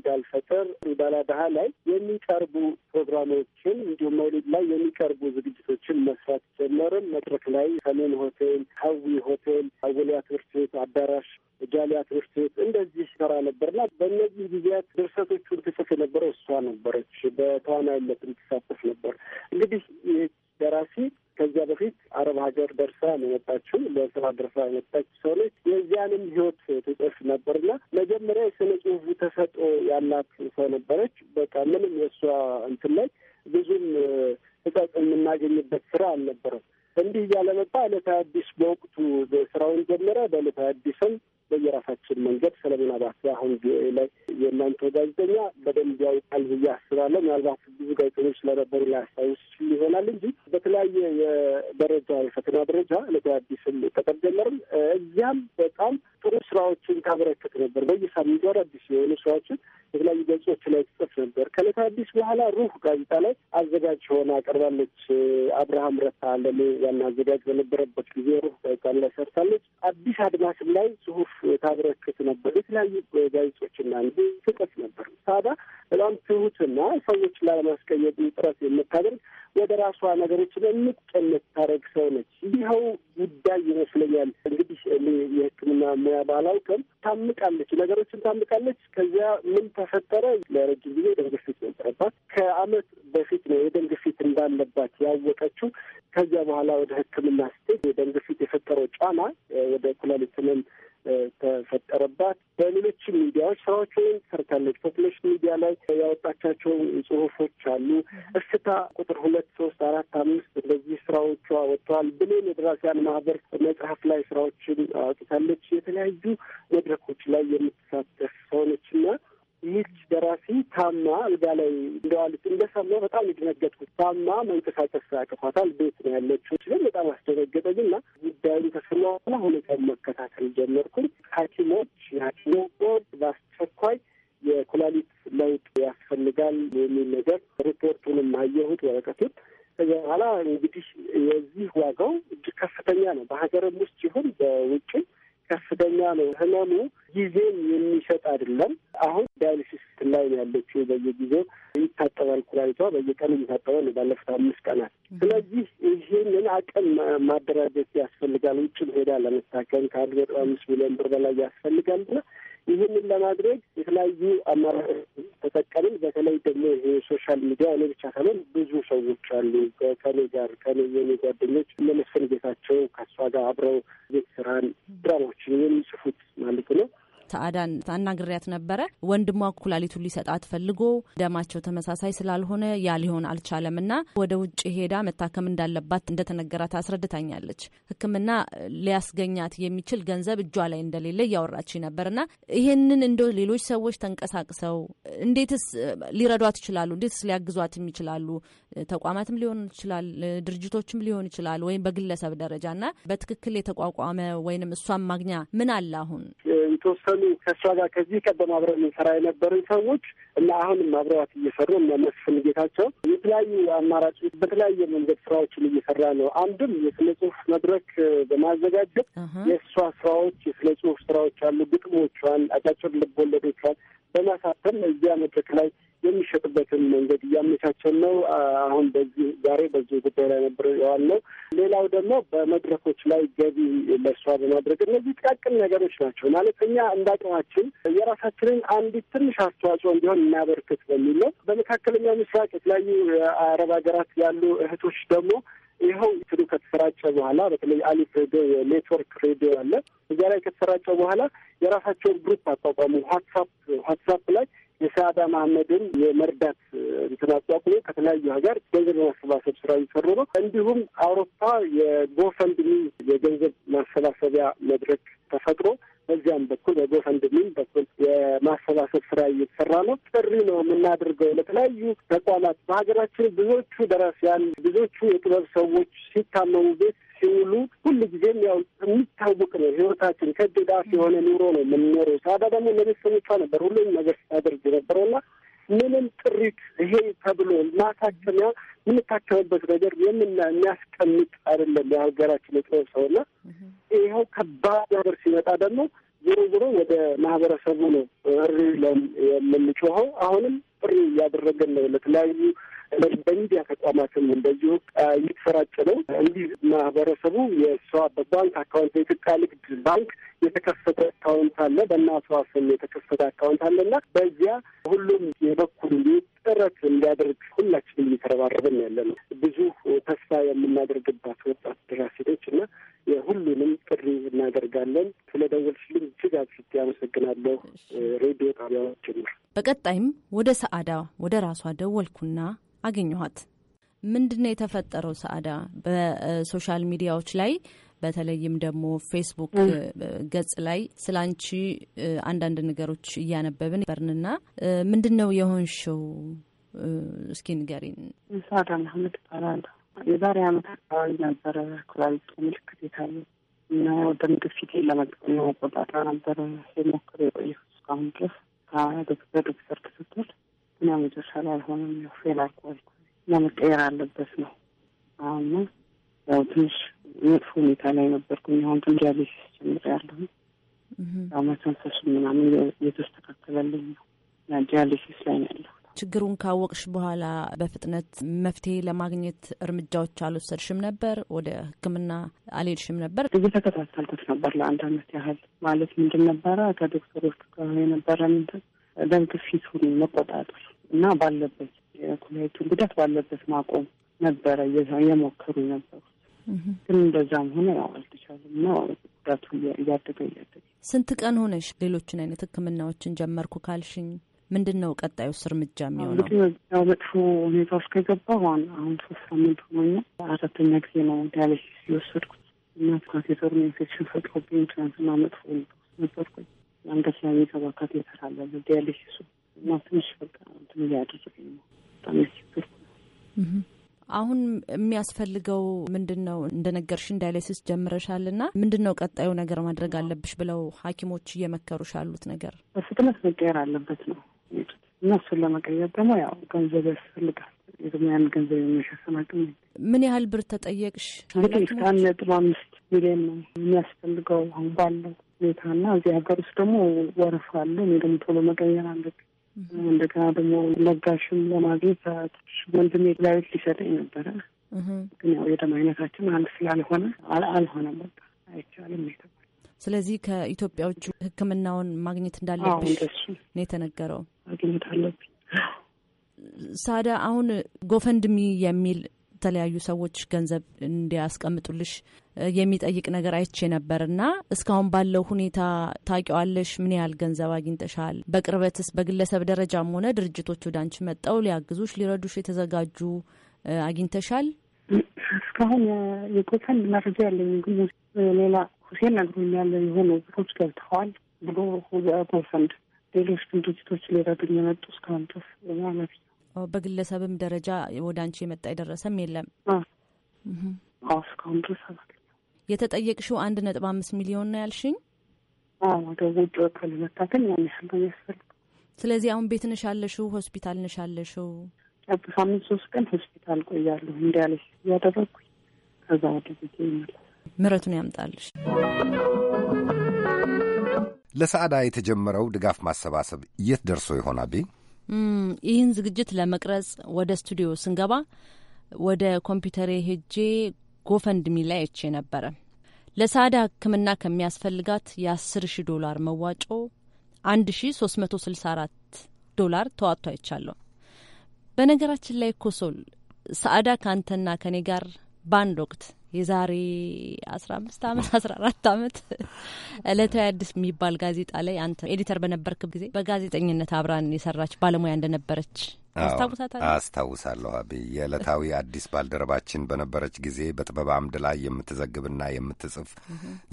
ኢዳል ፈጠር፣ ኢዳል አድሃ ላይ የሚቀርቡ ፕሮግራሞችን እንዲሁም መውሊድ ላይ የሚቀርቡ ዝግጅቶችን መስራት ጀመረ። ሆቴል መድረክ ላይ ሰሜን ሆቴል፣ ሀዊ ሆቴል፣ አወሊያ ትምህርት ቤት አዳራሽ፣ ጃሊያ ትምህርት ቤት እንደዚህ ሰራ ነበርና በእነዚህ ጊዜያት ድርሰቶቹን ትጽፍ የነበረው እሷ ነበረች። በተዋናይነትም ትሳተፍ ነበር። እንግዲህ ይህ ደራሲ ከዚያ በፊት አረብ ሀገር ደርሳ የመጣችው። ለስራ ደርሳ የመጣች ሰው የዚያንም ህይወት ትጽፍ ነበርና መጀመሪያ የስነ ጽሁፉ ተሰጦ ያላት ሰው ነበረች። በቃ ምንም የእሷ እንትን ላይ ብዙም ተጻጽ የምናገኝበት ስራ አልነበረም። እንዲህ እያለ መጣ። ዕለተ አዲስ በወቅቱ ስራውን ጀመረ። በዕለተ አዲስም በየራሳችን መንገድ ሰለሞን አባት አሁን ላይ የእናንተ ጋዜጠኛ በደንብ ያውቃል ብዬ አስባለሁ። ምናልባት ብዙ ጋዜጠኞች ስለነበሩ ላያስታውስ ይሆናል እንጂ በተለያየ የደረጃ የፈተና ደረጃ ዕለተ አዲስም ተቀደመርም እዚያም በጣም ጥሩ ስራዎችን ታበረክት ነበር። በየሳምንቱ አዳዲስ የሆኑ ስራዎችን የተለያዩ ገጾች ላይ ትጽፍ ነበር። ከዕለተ አዲስ በኋላ ሩህ ጋዜጣ ላይ አዘጋጅ ሆና አቀርባለች። አብርሃም ረታ ለኔ ዋና አዘጋጅ በነበረበት ጊዜ ሩህ ጋዜጣ ላይ ሰርታለች። አዲስ አድማስም ላይ ጽሁፍ ታበረክት ነበር። የተለያዩ ጋዜጦችና እንዲ ትጽፍ ነበር። ሳባ በጣም ትሁትና ሰዎችን ላለማስቀየጥ ጥረት የምታደርግ ወደ ራሷ ነገሮች ምጥ የምታደርግ ሰው ነች። ይኸው ጉዳይ ይመስለኛል እንግዲህ እኔ የሕክምና ሙያ ባላውቅም ታምቃለች፣ ነገሮችን ታምቃለች። ከዚያ ምን ተፈጠረ? ለረጅም ጊዜ የደም ግፊት ነበረባት። ከአመት በፊት ነው የደም ግፊት እንዳለባት ያወቀችው። ከዚያ በኋላ ወደ ሕክምና ስትሄድ የደም ግፊት የፈጠረው ጫና ወደ ኩላሊት ሕመም ተፈጠረባት። በሌሎች ሚዲያዎች ስራዎች ወይም ሰርታለች። ፖፕሌሽን ሚዲያ ላይ ያወጣቻቸው ጽሁፎች አሉ። እስታ ቁጥር ሁለት ሶስት አራት አምስት እንደዚህ ስራዎቿ ወጥተዋል። ብሌን የደራሲያን ማህበር መጽሐፍ ላይ ስራዎችን አውጥታለች። የተለያዩ መድረኮች ላይ የምትሳተፍ ሰውነች እና ይህች ደራሲ ታማ አልጋ ላይ እንደዋለች እንደሰማ በጣም የደነገጥኩት ታማ መንቀሳቀስ አቅፏታል። ቤት ነው ያለችው። ግን በጣም አስደነገጠኝ እና ጉዳዩን ተሰማ በኋላ ሁኔታውን መከታተል ጀመርኩኝ። ሐኪሞች ቦርድ በአስቸኳይ የኩላሊት ለውጥ ያስፈልጋል የሚል ነገር ሪፖርቱንም አየሁት ወረቀቱን። ከዚያ በኋላ እንግዲህ የዚህ ዋጋው እጅግ ከፍተኛ ነው። በሀገርም ውስጥ ይሁን በውጭም ከፍተኛ ነው። ህመሙ ጊዜን የሚሰጥ አይደለም። አሁን ዳያሊሲስ ላይ ያለችው። በየጊዜው ይታጠባል ኩላሊቷ በየቀኑ ይታጠባል ባለፉት አምስት ቀናት። ስለዚህ ይህንን አቅም ማደራጀት ያስፈልጋል። ውጭም ሄዳ ለመታከም ከአንድ ነጥብ አምስት ሚሊዮን ብር በላይ ያስፈልጋል ብለ ይህንን ለማድረግ የተለያዩ አማራጮች ተጠቀምን። በተለይ ደግሞ ይሄ ሶሻል ሚዲያ እኔ ብቻ ሳይሆን ብዙ ሰዎች አሉ ከኔ ጋር ከኔ የኔ ጓደኞች ለመስፍን ጌታቸው ከእሷ ጋር አብረው ቤት ስራን ድራማዎችን የሚጽፉት ማለት ነው አዳን አናግሪያት ነበረ። ወንድሟ ኩላሊቱን ሊሰጣት ፈልጎ ደማቸው ተመሳሳይ ስላልሆነ ያ ሊሆን አልቻለም እና ወደ ውጭ ሄዳ መታከም እንዳለባት እንደተነገራት አስረድታኛለች። ሕክምና ሊያስገኛት የሚችል ገንዘብ እጇ ላይ እንደሌለ እያወራች ነበርና ይሄንን እንደ ሌሎች ሰዎች ተንቀሳቅሰው እንዴትስ ሊረዷት ይችላሉ? እንዴትስ ሊያግዟትም ይችላሉ? ተቋማትም ሊሆን ይችላል፣ ድርጅቶችም ሊሆን ይችላል፣ ወይም በግለሰብ ደረጃና በትክክል የተቋቋመ ወይንም እሷም ማግኛ ምን አለ አሁን የተወሰኑ አብረን ከእሷ ጋር ከዚህ ቀደም አብረን እንሰራ የነበርን ሰዎች እና አሁንም አብረዋት እየሰሩ እና መስፍን ጌታቸው የተለያዩ አማራጭ በተለያየ መንገድ ስራዎችን እየሰራ ነው። አንድም የስነ ጽሁፍ መድረክ በማዘጋጀት የእሷ ስራዎች የስነ ጽሁፍ ስራዎች አሉ። ግጥሞቿን፣ አጫጭር ልብ ወለዶቿን በማሳተም እዚያ መድረክ ላይ የሚሸጥበትን መንገድ እያመቻቸን ነው። አሁን በዚህ ዛሬ በዚህ ጉዳይ ላይ ነበር ነው። ሌላው ደግሞ በመድረኮች ላይ ገቢ ለእሷ በማድረግ እነዚህ ጥቃቅን ነገሮች ናቸው ማለት እኛ እንዳቅማችን የራሳችንን አንዲት ትንሽ አስተዋጽኦ እንዲሆን እናበርክት በሚል ነው። በመካከለኛ ምስራቅ የተለያዩ አረብ ሀገራት ያሉ እህቶች ደግሞ ይኸው ትሉ ከተሰራጨ በኋላ በተለይ አሊፍ ሬዲዮ የኔትወርክ ሬዲዮ አለ። እዚያ ላይ ከተሰራጨ በኋላ የራሳቸውን ግሩፕ አቋቋሙ። ዋትሳፕ ዋትሳፕ ላይ የሰአዳ መሐመድን የመርዳት እንትን አቋቁሞ ከተለያዩ ሀገር ገንዘብ ማሰባሰብ ስራ እየሰሩ ነው። እንዲሁም አውሮፓ የጎፈንድሚ የገንዘብ ማሰባሰቢያ መድረክ ተፈጥሮ በዚያም በኩል በጎፈንድሚም በኩል የማሰባሰብ ስራ እየተሰራ ነው። ጥሪ ነው የምናደርገው ለተለያዩ ተቋማት በሀገራችን ብዙዎቹ ደራሲያን ብዙዎቹ የጥበብ ሰዎች ሲታመሙ ቤት ሲውሉ ሁሉ ጊዜም ያው የሚታወቅ ነው ህይወታችን ከድዳፍ የሆነ ኑሮ ነው የምንኖረው። ሳዳ ደግሞ ለቤተሰቦቿ ነበር ሁሉም ነገር ሲያደርግ ነበረውና ምንም ጥሪት ይሄ ተብሎ ማታከሚያ የምንታከምበት ነገር የምና የሚያስቀምጥ አይደለም የሀገራችን የጥበብ ሰው እና ይኸው ከባድ ነገር ሲመጣ ደግሞ ዞሮ ዞሮ ወደ ማህበረሰቡ ነው እሪ የምንጮኸው። አሁንም ጥሪ እያደረገን ነው ለተለያዩ በሚዲያ ተቋማትም እንደዚሁ እየተሰራጨ ነው። እንዲህ ማህበረሰቡ የእሷ በባንክ አካውንት በኢትዮጵያ ንግድ ባንክ የተከፈተ አካውንት አለ፣ በእናቷ ስም የተከፈተ አካውንት አለ እና በዚያ ሁሉም የበኩሉ ጥረት እንዲያደርግ ሁላችንም እየተረባረብን ያለ ነው። ብዙ ተስፋ የምናደርግባት ወጣት ደራሲዎች እና የሁሉንም ጥሪ እናደርጋለን። ስለ ደወልሽልኝ እጅግ አብዝቼ አመሰግናለሁ። ሬዲዮ ጣቢያዎች ጭምር። በቀጣይም ወደ ሰአዳ ወደ ራሷ ደወልኩና አገኘኋት። ምንድን ነው የተፈጠረው? ሰአዳ በሶሻል ሚዲያዎች ላይ በተለይም ደግሞ ፌስቡክ ገጽ ላይ ስለ አንቺ አንዳንድ ነገሮች እያነበብን በርንና ምንድን ነው የሆንሽው? እስኪ ንገሪን። ሳዳ መሀመድ እባላለሁ። የዛሬ አመት አካባቢ ነበረ ኩላሊት ምልክት የታየ እና ደም ግፊቴን ለመቆጣጠር ነበረ የሞክር የቆየሁት እስካሁን ድረስ በዶክተር ክትትል እና መጨረሻ ላይ አልሆነም። ፌል አልኳልኩ እና መቀየር አለበት ነው አሁን ያው ትንሽ መጥፎ ሁኔታ ላይ ነበርኩኝ። አሁን ግን ዲያሊሲስ ጀምሬያለሁ። መተንፈሱ ምናምን እየተስተካከለልኝ ነው። ዲያሊሲስ ላይ ነው ያለሁት። ችግሩን ካወቅሽ በኋላ በፍጥነት መፍትሄ ለማግኘት እርምጃዎች አልወሰድሽም ነበር? ወደ ሕክምና አልሄድሽም ነበር? እየተከታተልኩት ነበር ለአንድ አመት ያህል ማለት ምንድን ነበረ ከዶክተሮች ጋር የነበረ ምንድን ደም ግፊቱን መቆጣጠር እና ባለበት የኩላሊቱን ጉዳት ባለበት ማቆም ነበረ እየሞከሩ ነበሩ ግን እንደዛም ሆነ ያው አልተቻለም እና ጉዳቱ እያደገ እያደገ ስንት ቀን ሆነሽ ሌሎችን አይነት ህክምናዎችን ጀመርኩ ካልሽኝ ምንድን ነው ቀጣዩ ቀጣዩስ እርምጃ የሚሆነው? ያው መጥፎ ሁኔታ ውስጥ ከገባሁ አሁን ሶስት ሳምንት ሆኖኛል። አራተኛ ጊዜ ነው ዳያሊሲስ የወሰድኩት እና ካቴተሩ ኢንፌክሽን ፈጥሮብኝ ትናንትና መጥፎ ሁኔታ ውስጥ ነበርኩኝ። አንገት ላይ የሚገባ ካቴተር አለ ዳያሊሲሱ እና ትንሽ በቃ እንትን እያደረገኝ ነው በጣም ያስቸገርኩ ነው። አሁን የሚያስፈልገው ምንድን ነው? እንደነገርሽን ዳያሊሲስ ጀምረሻል እና ምንድን ነው ቀጣዩ ነገር ማድረግ አለብሽ ብለው ሐኪሞች እየመከሩሽ ያሉት ነገር በፍጥነት መቀየር አለበት ነው እና እሱን ለመቀየር ደግሞ ያው ገንዘብ ያስፈልጋል። የትኛን ገንዘብ የሚሸፍን አቅም ምን ያህል ብር ተጠየቅሽ? እንግዲህ እስከ አንድ ነጥብ አምስት ሚሊዮን ነው የሚያስፈልገው አሁን ባለው ሁኔታ እና እዚህ ሀገር ውስጥ ደግሞ ወረፋ አለ። እኔ ደግሞ ቶሎ መቀየር አለብኝ። እንደገና ደግሞ ለጋሽም ለማግኘት ወንድሜ ላዩት ሊሰጠኝ ነበረ፣ ግን ያው የደም አይነታችን አንድ ስላልሆነ አልሆነም። በቃ አይቻልም። ስለዚህ ከኢትዮጵያዎቹ ሕክምናውን ማግኘት እንዳለብሽ ነው የተነገረው። ማግኘት አለብኝ። ሳዳ አሁን ጎፈንድሚ የሚል የተለያዩ ሰዎች ገንዘብ እንዲያስቀምጡልሽ የሚጠይቅ ነገር አይቼ ነበር እና እስካሁን ባለው ሁኔታ ታውቂዋለሽ? ምን ያህል ገንዘብ አግኝተሻል? በቅርበትስ በግለሰብ ደረጃም ሆነ ድርጅቶች ወደ አንቺ መጠው ሊያግዙሽ ሊረዱሽ የተዘጋጁ አግኝተሻል? እስካሁን የቆተን መረጃ ያለኝ ግን ሌላ ሁሴን ነግሮኛል። የሆነ ቦታዎች ገብተዋል ብሎ ጎፈንድ ሌሎች ግን ድርጅቶች ሊረዱኝ የመጡ እስካሁን ድረስ ማለት ነው በግለሰብም ደረጃ ወደ አንቺ የመጣ የደረሰም የለም። እስካሁን ድረስ የተጠየቅሽው አንድ ነጥብ አምስት ሚሊዮን ነው ያልሽኝ። ወደ ውጭ ወጥቶ ለመታከል ያን ያህል ነው የሚያስፈልግ። ስለዚህ አሁን ቤት ንሻለሽው ሆስፒታል ንሻለሽው? ሳምንት ሶስት ቀን ሆስፒታል ቆያለሁ እንዲያለሽ እያደረግኩኝ ከዛ ወደ ቤት ይመለስ ምረቱን ያምጣልሽ። ለሰዓዳ የተጀመረው ድጋፍ ማሰባሰብ የት ደርሶ ይሆን አቤ? ይህን ዝግጅት ለመቅረጽ ወደ ስቱዲዮ ስንገባ ወደ ኮምፒውተሬ ሄጄ ጎፈንድሚ ላይ አይቼ ነበረ። ለሳዳ ሕክምና ከሚያስፈልጋት የአስር ሺ ዶላር መዋጮ አንድ ሺ ሶስት መቶ ስልሳ አራት ዶላር ተዋጥቶ አይቻለሁ። በነገራችን ላይ ኮሶል ሳዕዳ ከአንተና ከኔ ጋር በአንድ ወቅት የዛሬ አስራ አምስት አመት አስራ አራት አመት እለታዊ አዲስ የሚባል ጋዜጣ ላይ አንተ ኤዲተር በነበርክ ጊዜ በጋዜጠኝነት አብራን የሰራች ባለሙያ እንደነበረች አስታውሳለሁ። አብይ የዕለታዊ አዲስ ባልደረባችን በነበረች ጊዜ በጥበብ አምድ ላይ የምትዘግብና የምትጽፍ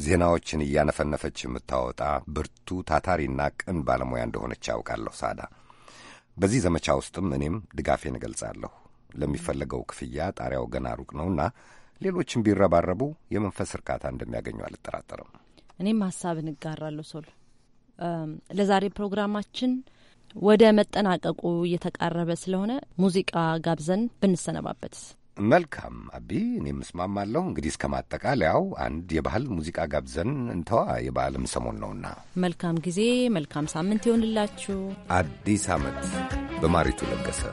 ዜናዎችን እያነፈነፈች የምታወጣ ብርቱ ታታሪና ቅን ባለሙያ እንደሆነች ያውቃለሁ። ሳዳ በዚህ ዘመቻ ውስጥም እኔም ድጋፌን እገልጻለሁ። ለሚፈለገው ክፍያ ጣሪያው ገና ሩቅ ነውና ሌሎችም ቢረባረቡ የመንፈስ እርካታ እንደሚያገኙ አልጠራጠርም። እኔም ሀሳብን እጋራለሁ። ሶል ለዛሬ ፕሮግራማችን ወደ መጠናቀቁ እየተቃረበ ስለሆነ ሙዚቃ ጋብዘን ብንሰነባበት መልካም። አቢ እኔም እስማማለሁ። እንግዲህ እስከ ማጠቃለያው አንድ የባህል ሙዚቃ ጋብዘን እንተዋ። የበዓልም ሰሞን ነውና መልካም ጊዜ፣ መልካም ሳምንት ይሆንላችሁ። አዲስ ዓመት በማሪቱ ለገሰ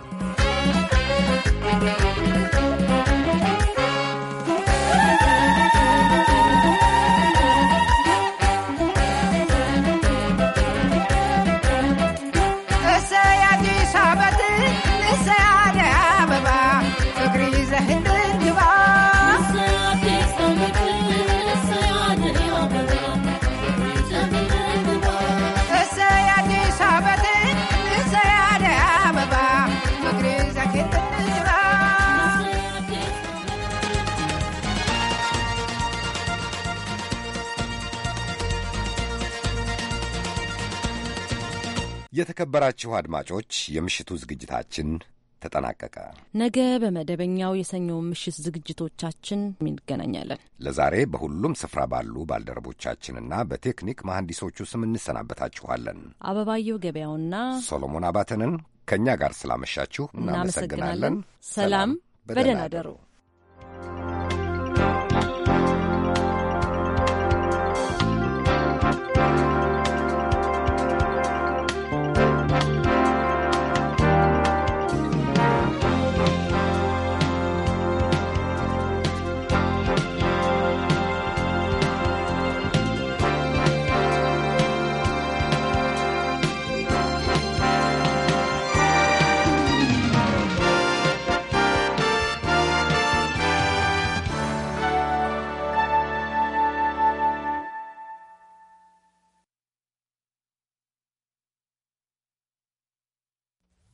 የተከበራችሁ አድማጮች የምሽቱ ዝግጅታችን ተጠናቀቀ። ነገ በመደበኛው የሰኞ ምሽት ዝግጅቶቻችን እንገናኛለን። ለዛሬ በሁሉም ስፍራ ባሉ ባልደረቦቻችንና በቴክኒክ መሐንዲሶቹ ስም እንሰናበታችኋለን። አበባየው ገበያውና ሶሎሞን አባተንን ከእኛ ጋር ስላመሻችሁ እናመሰግናለን። ሰላም፣ በደህና you.